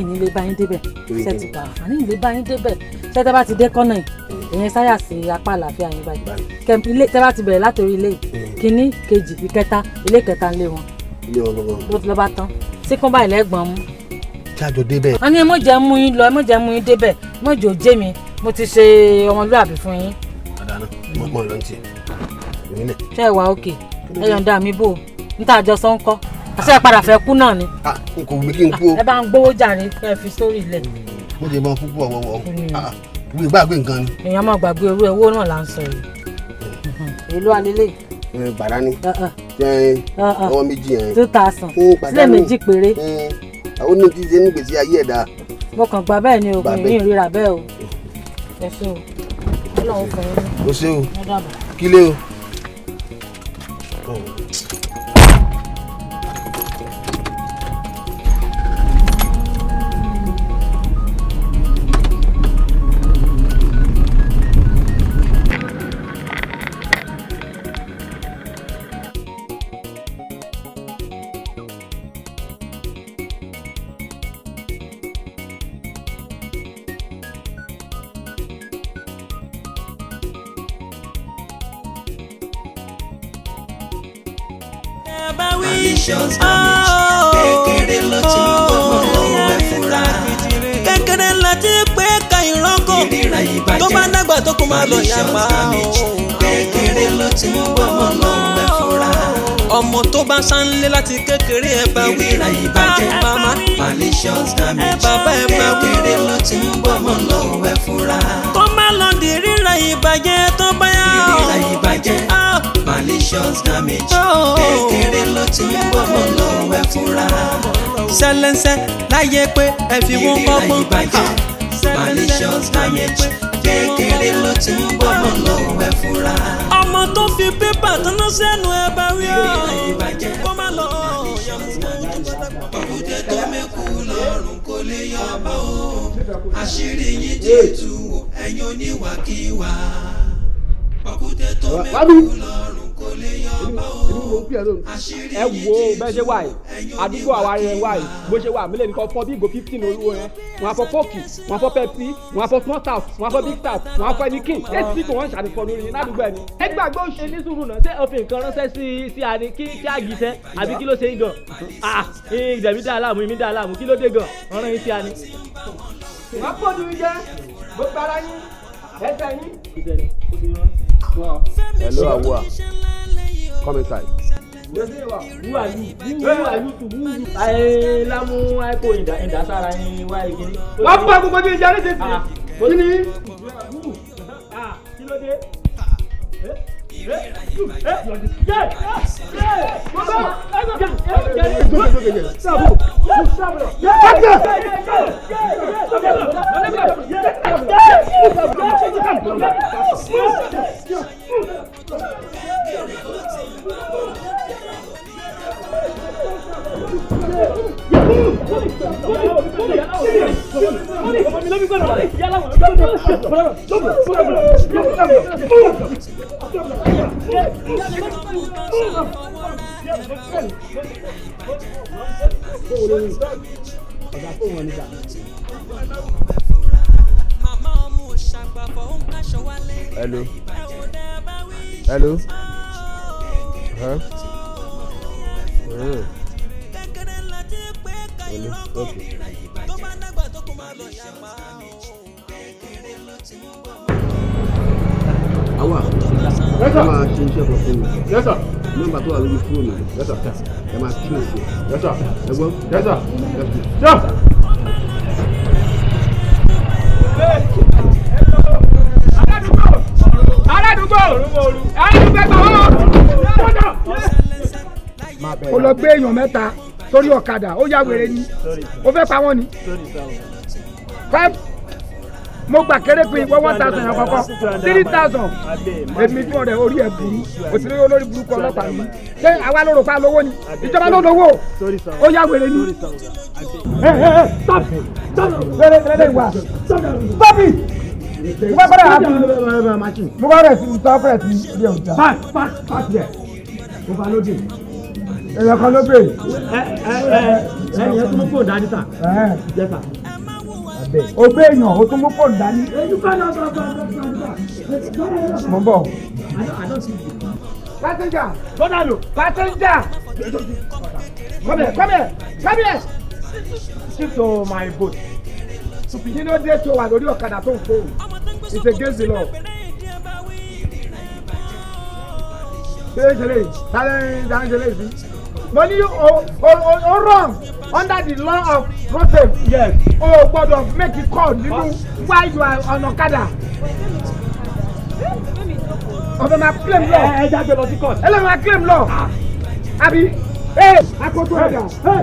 yìí nílé báyìí débẹ̀ ṣe ti gbà àǹfààní ìlé báyìí débẹ̀ ṣe tẹ́ bá ti dé kọ́nà yìí èyàn sáyà sí apá àlàáfíà yín báyìí ilé tẹ́ bá ti bẹ̀rẹ̀ látòrí ilé kìíní hmm. kejì ìkẹta ilé kẹta ń lé wọn ló ti lọ́ bá tán síkún báyìí lẹ́gbọ̀n mú. jájọ débẹ̀. wọ́n ní ẹ mọ̀ jẹ́ mú yín lọ ẹ mọ̀ jẹ́ mú yín débẹ̀ mọ̀ jé mi mo ti ṣe ọmọlúwàbí fún yín. àdánù mo mọ̀ lọ́ntì. ṣé ẹ wà ókè ẹ yọ̀ǹda mi bò ń tà àjọsọ ń kọ́ àṣẹ padà fẹ́ kú náà ni. Ah, n kò wí kí n kú o. ẹ bá ń gbowó jàre kí ẹ fi sórí ilẹ̀. mo jẹ ìbọn púpọ̀ wọ́wọ́ ah, mi gbàgbé nǹkan ni. èèyàn máa gbàgbé owó owó náà là ń sọ yìí. èlò àlélẹ́ eh, bàrà ni ah, ọwọ́ méjì yẹn. two thousand sílẹ̀ méjì péré. àwọn eh, ní ti ayé ẹ̀dá. mo kàn gbà bẹ́ẹ̀ ni òkun yìí ríra bẹ́ẹ̀ o. ẹ ṣe o ọlọ́run fẹ́ràn. o ṣe o kí emotions damage oh. kékeré ló ti ń bọ́ mọ́ lọ́wọ́ ẹ fúnra. sẹlẹsẹ láyé pé ẹ fi wọn kọ́gbọ́n. ìrírí àyíbájẹ́ malicious damage kékeré ló ti ń bọ́ mọ́ lọ́wọ́ ẹ fúnra. ọmọ tó fi pépà tọ́nà sẹ́nu ẹ bá ah, rí ọ kó má lọ òkúté tó mẹ́kù lọ́rùn kò lè yọ ọba o àṣírí yín ti tú ẹ̀yin oníwàkiwà òkúté tó mẹ́kù lọ́rùn bí ẹ̀rọ ẹ wo bẹ́ẹ̀ ṣe wà yìí àdúgbò àwa rẹ̀ wà yìí bó ṣe wà mílẹ̀ nìkan fọ́ bí ìgò fifteen olówó yẹn wọn afọ kóòkì wọn afọ pepsi wọn afọ small tap wọn afọ big tap wọn afọ ẹnikin eight people wọn ṣàdìfọ lórí yín ládùúgbò ẹni. ẹ gbàgbọ́ ṣe ní sùúrù náà ṣé òfin kan ránṣẹ́ sí sí àní kí kí àgì sẹ́ àbí kí ló ṣe ń gan ah eh, ìdẹ̀mí dá aláàmú ìmí dá aláàmú kí ló dé gan ọ̀ràn yín sí àní. wọ́n pọ̀ ní jẹ́ gbogbo ara yín ẹsẹ̀ yín. hello awua come inside who are you who are you to who ayé lámú àìkò ìdására yín wá ìgbé. wọ́n fún agogo bíi ìjà lè tètè. kò ní. kí ló dé. Yeah. Hello. Hello. Huh? Mm ìrọ́kọ̀ mìíràn ìbàjẹ́ tó bá nágbà tó kún máa lọ yàgbá o. kékeré ló ti mú bọ́ mọ́. àwa ẹ máa ṣe iṣẹ́ kan fún mi nọ́mbà tó wà lórí fóònù ẹ máa kí èsì ẹ gbọ́ aládùúgbò aládùúgbò gbà wọ́n. mo lọ gbé èèyàn mẹ́ta torí ọ̀kadà ó yà wèrè ni ó fẹ́ pa wọ́n ni five mo gbà kéré pé wọ́n one thousand yẹn kọ́kọ́ three thousand èmi fún ọ̀rẹ́ orí ẹ̀ burú òsèré olórí burúkú ọlọ́pàá mi ṣé àwa ló rò pa lówó ni ìjọba ló lówó ó yá wèrè ni. stop it mo bá bẹ̀rẹ̀ àbí mo bá bẹ̀rẹ̀ sí ìtọ́ fẹ̀rẹ̀ sí ilé ọjà èèyàn kan ló bèrè. ẹ ẹ ẹ ẹyẹ tó mú fóònù dání sà. jẹ sà. o bẹ èèyàn o tún mú fóònù dání. èyí kọ́ ló bá bá bá bá. mo bọ̀. pásẹ́njà. bọ́dà lò. pásẹ́njà. come here come here come here. sit my boat. yín ló dé tó wà lórí ọ̀kadà tó ń fò. it's against the law. Ṣé ṣe lè ṣe lè ṣe lè ṣe mo ní o wrong under the law of process yes o gbọ́dọ̀ make call nínú why you are on ọ̀kadà ọbẹ̀ máa claim law ẹ ẹ jáde lọ sí court ẹ lọ máa claim law ah. àbí ee akoto ọjà ee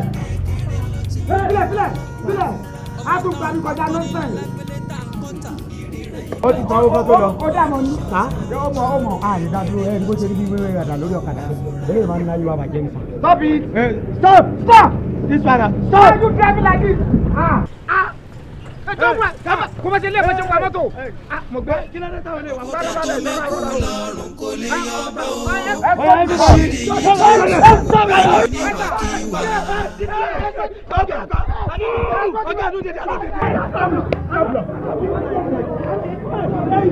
sílẹ̀ sílẹ̀ sílẹ̀ a tún gbàdúgbàdà nọ́ọ̀sẹ̀ ó ti tán owó tó lọ. ó dà mọ́ ni. ta ọmọ ọmọ. a lè dá dúró ẹni bó ṣe rí bí wíwé rẹ̀ dà lórí ọ̀kadà eré máa ń ná yóò wá bàjẹ́ nìkan. stop it stop stop this one ah, stop. why you drive like this. ah ah ẹjọ wa kó bá ṣe lé ẹgbẹjọ wa mọ́tò. mo gbẹ kí ló dé táwọn ilé wa mọ́tò. bá a lè lọ rọrùn kò lè yọ bá o. ọ̀rọ̀ ẹni bá ọ̀rọ̀ ẹni bá ọ̀rọ̀ Don't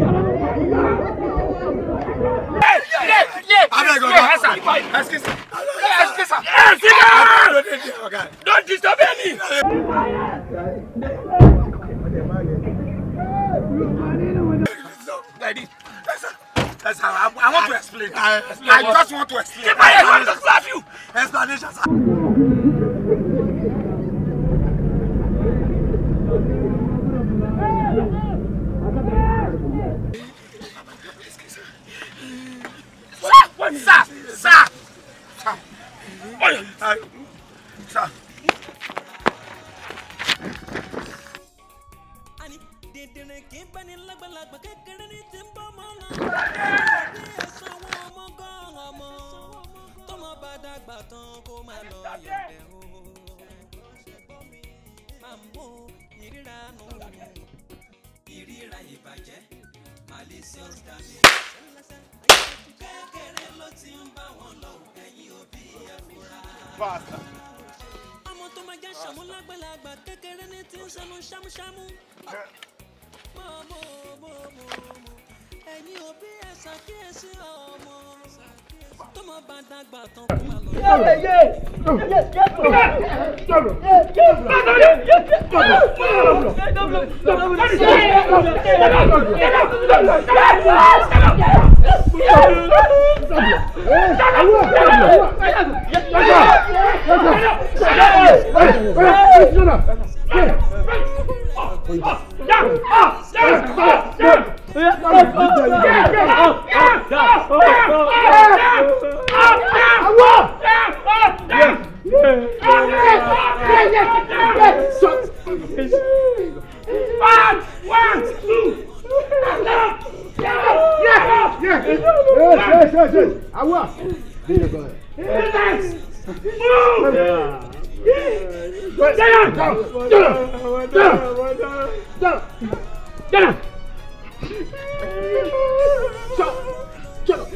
disturb me! Like this. That's I, I to explain. I, explain I, I just want to explain. Keep I want to slap you! Explanation, sir. sá sá sá ọyọ malicious damage ló ti ń bá wọn lọ ẹ̀yin òbí ẹ̀fúra. ọmọ tó máa jẹ́ ṣàmú lágbàlagbà kékeré ní ti ń sọnù ṣámúṣámú. mọ̀mọ́mọ́mọ́ òbí ẹ̀ ṣàkíyèsí ọmọ tó bá dàgbà tán kó máa lọ. Yeah. One, one, two, and up. Yes! Yes! Yes! Yes! Yes! Yes! Yes! I will. Peter, go ahead. Yes! Move! Yeah. Get down! Down! Down! Down! Down! Down! Shut up! Shut up!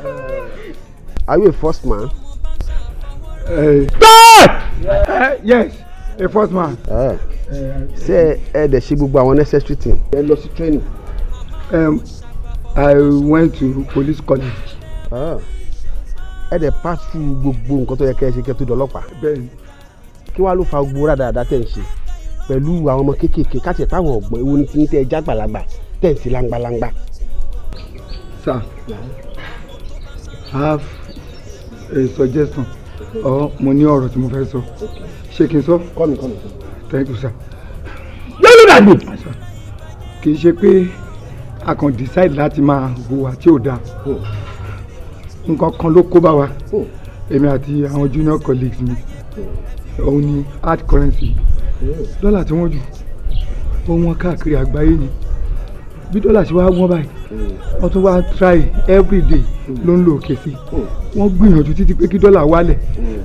Uh, are you a first man? Uh, God! Yeah. Uh, yes. a fourth man. Ah. ṣé ẹ dẹ̀ ṣe gbogbo àwọn necessary thing. ẹ lọ sí training. Um, I went to police college. Ah. ẹ dẹ̀ pass through gbogbo nǹkan tó yẹ kẹ́ ẹ ṣe kẹ́ tó dọ̀lọ́pàá. bẹ́ẹ̀ni. kí wàá ló fa gbogbo rádàdà tẹ̀ ń ṣe pẹ̀lú àwọn ọmọ kéékèèké káṣẹ̀ táwọn ọ̀gbọ́n ewu ni kí n tẹ́ ẹ já gbàlagbà tẹ̀ ń ṣe langbalangba. sir I have a suggestion or mo ní ọ̀rọ̀ tí mo fẹ́ sọ. Okay ṣé kí Come come. thank you sir. lọ́lọ́ dàgbò. kì í ṣe pé a kàn decide láti máa hùwà tí ò dáa nǹkan kan ló kó bá wa èmi àti àwọn junior colleagues mi òun ni hard currency dọ́là tí wọ́n jù ó wọ́n káàkiri àgbáyé ni bí dọ́là ṣe wá wọ́n báyìí wọ́n tún wá try every day ló ń lò òkè sí wọ́n gbìyànjú títí pé kí dọ́là wálẹ̀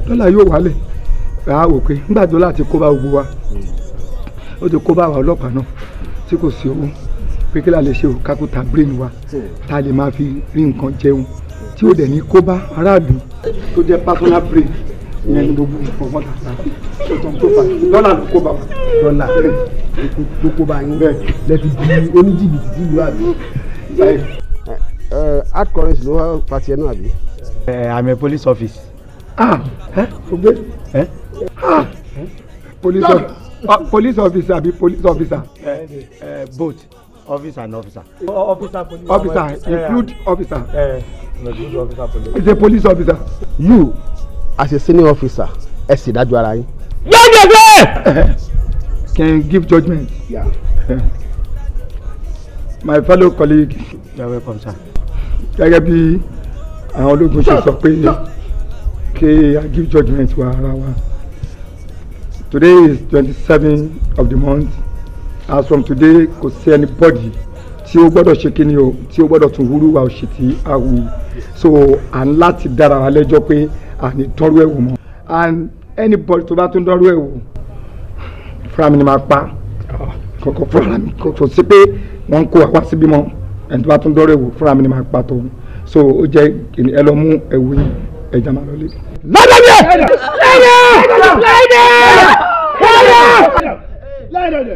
dọ́là yóò wálẹ̀ a wò pé nígbà tó láti kó bá gbogbo wa ó ti kó bá wa ọlọ́pàá náà tí kò sí owó pé kí la lè ṣe òkàkùtà brain wa tá a lè máa fi rí nǹkan jẹun tí ó dẹ̀ ní kó bá aráàlú tó jẹ́ personal brain ìyẹn ní gbogbo nǹkan kan tàbí tó tó ń tó fa dọ́là ló kó bá wa dọ́là ló kó bá yín bẹ́ẹ̀ lẹ́tí di oníjìbìtì tí ìlú àbí. hard currency ló wá pàṣẹ náà àbí. I'm a police officer. ah ẹ o gbé police of ah, police officer be police officer. Eh, eh, both officer and officer. officer police officer eh, include officer. he's a police officer. you as a senior officer ẹ sì dájú ara yín. gbẹ́gbẹ́gbẹ́. can give judgement. Yeah. my fellow colleague. you are welcome sir. gẹ́gẹ́ bí àwọn ológun ṣe sọ pé kí I give judgement wa ara wa. Today is 27 of the month. As from today, kò sí anybody tí ó gbọ́dọ̀ ṣe kíni o tí ó gbọ́dọ̀ tún wúrú wa ò ṣe ti awi. So à ń láti dára wa lẹ́jọ́ pé à ní tọ́rú ẹ̀wò mọ́. And anybody tó bá tún dọ́rú ẹ̀wò fúnra mi ni máa pa kọ̀kọ̀ fúnra mi kò sí pé wọ́n ń kó wa wá síbí mọ́ ẹni tó bá tún dọ́rú ẹ̀wò fúnra mi ni máa pa tó. So ó jẹ́ ẹ lọ mú ẹ̀wò yìí ẹja máa lọ lé. lọ́dọ̀ mi ẹ̀. láyé láyé láyé láyé.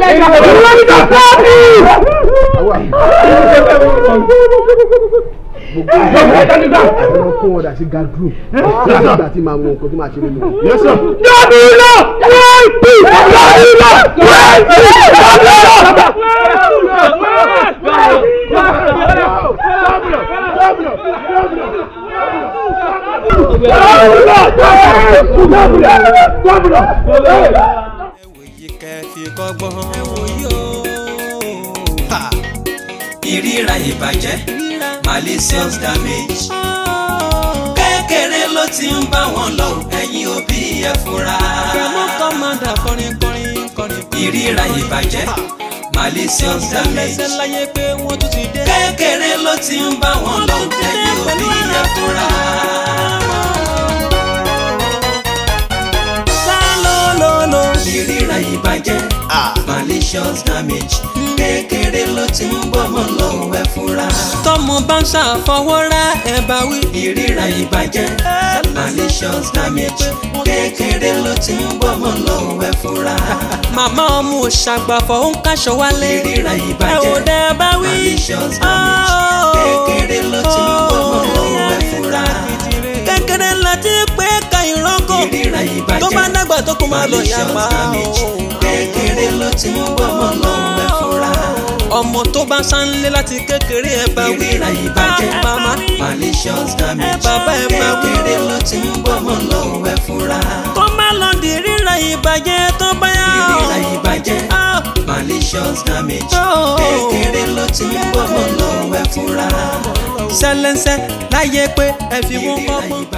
àwọn kó ọ̀dà sí gadru nígbà tí màá mọ nǹkan tí màá ṣe nínú. dàbí iná wẹ́ẹ̀pì dàbí iná wẹ́ẹ̀pì dàbí iná. Gómìnà gómìnà gómìnà gómìnà fi kọ́gbọ́n. ẹ ìríra ìbàjẹ́ malicious damage oh. kékeré ló ti ń bá wọn lọ ẹ̀yin òbí ẹ fura. fẹmọ kọmọdà kọrin kọrin kọrin. ìríra ìbàjẹ́ malicious damage kékeré ló ti ń bá wọn lọ ẹ̀yin òbí ẹ ìríra ìbàjẹ́ malicious damage kékeré ló ti ń bọ́mọ lọ́wọ́ ẹ fúnra. tọmọ bá ń ṣàfọwọ́rá ẹ bá wí. ìríra ìbàjẹ́ malicious damage kékeré ló ti ń bọ́mọ lọ́wọ́ ẹ fúnra. màmá ọmọ òṣàgbàfọ̀ ń kaṣọ wálé. ìríra ìbàjẹ́ ẹ ò dẹ́ bá wí. malicious damage oh. kékeré ló ti ń bọ́mọ lọ́wọ́ ẹ fúnra. kékeré ló ti pé o tó bá dàgbà tó kó máa lọ yàgbá o. kékeré ló ti ń bọ́ ọmọ lọ́wọ́ ẹ̀ fúnra. ọmọ tó bá sánlé láti kékeré ẹ bá wí ah, bàbá malicious damage. ẹ bàbá ẹ bá wí kékeré ló ti ń bọ́ ọmọ lọ́wọ́ ẹ̀ fúnra. kó má lọ di ríra ìbàjẹ́ tó bá yà o. ríra ah. oh. láyé pé ẹ fi wọn bọ́ mọ́.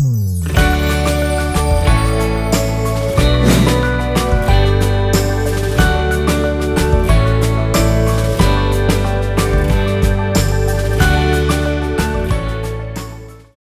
Hmm.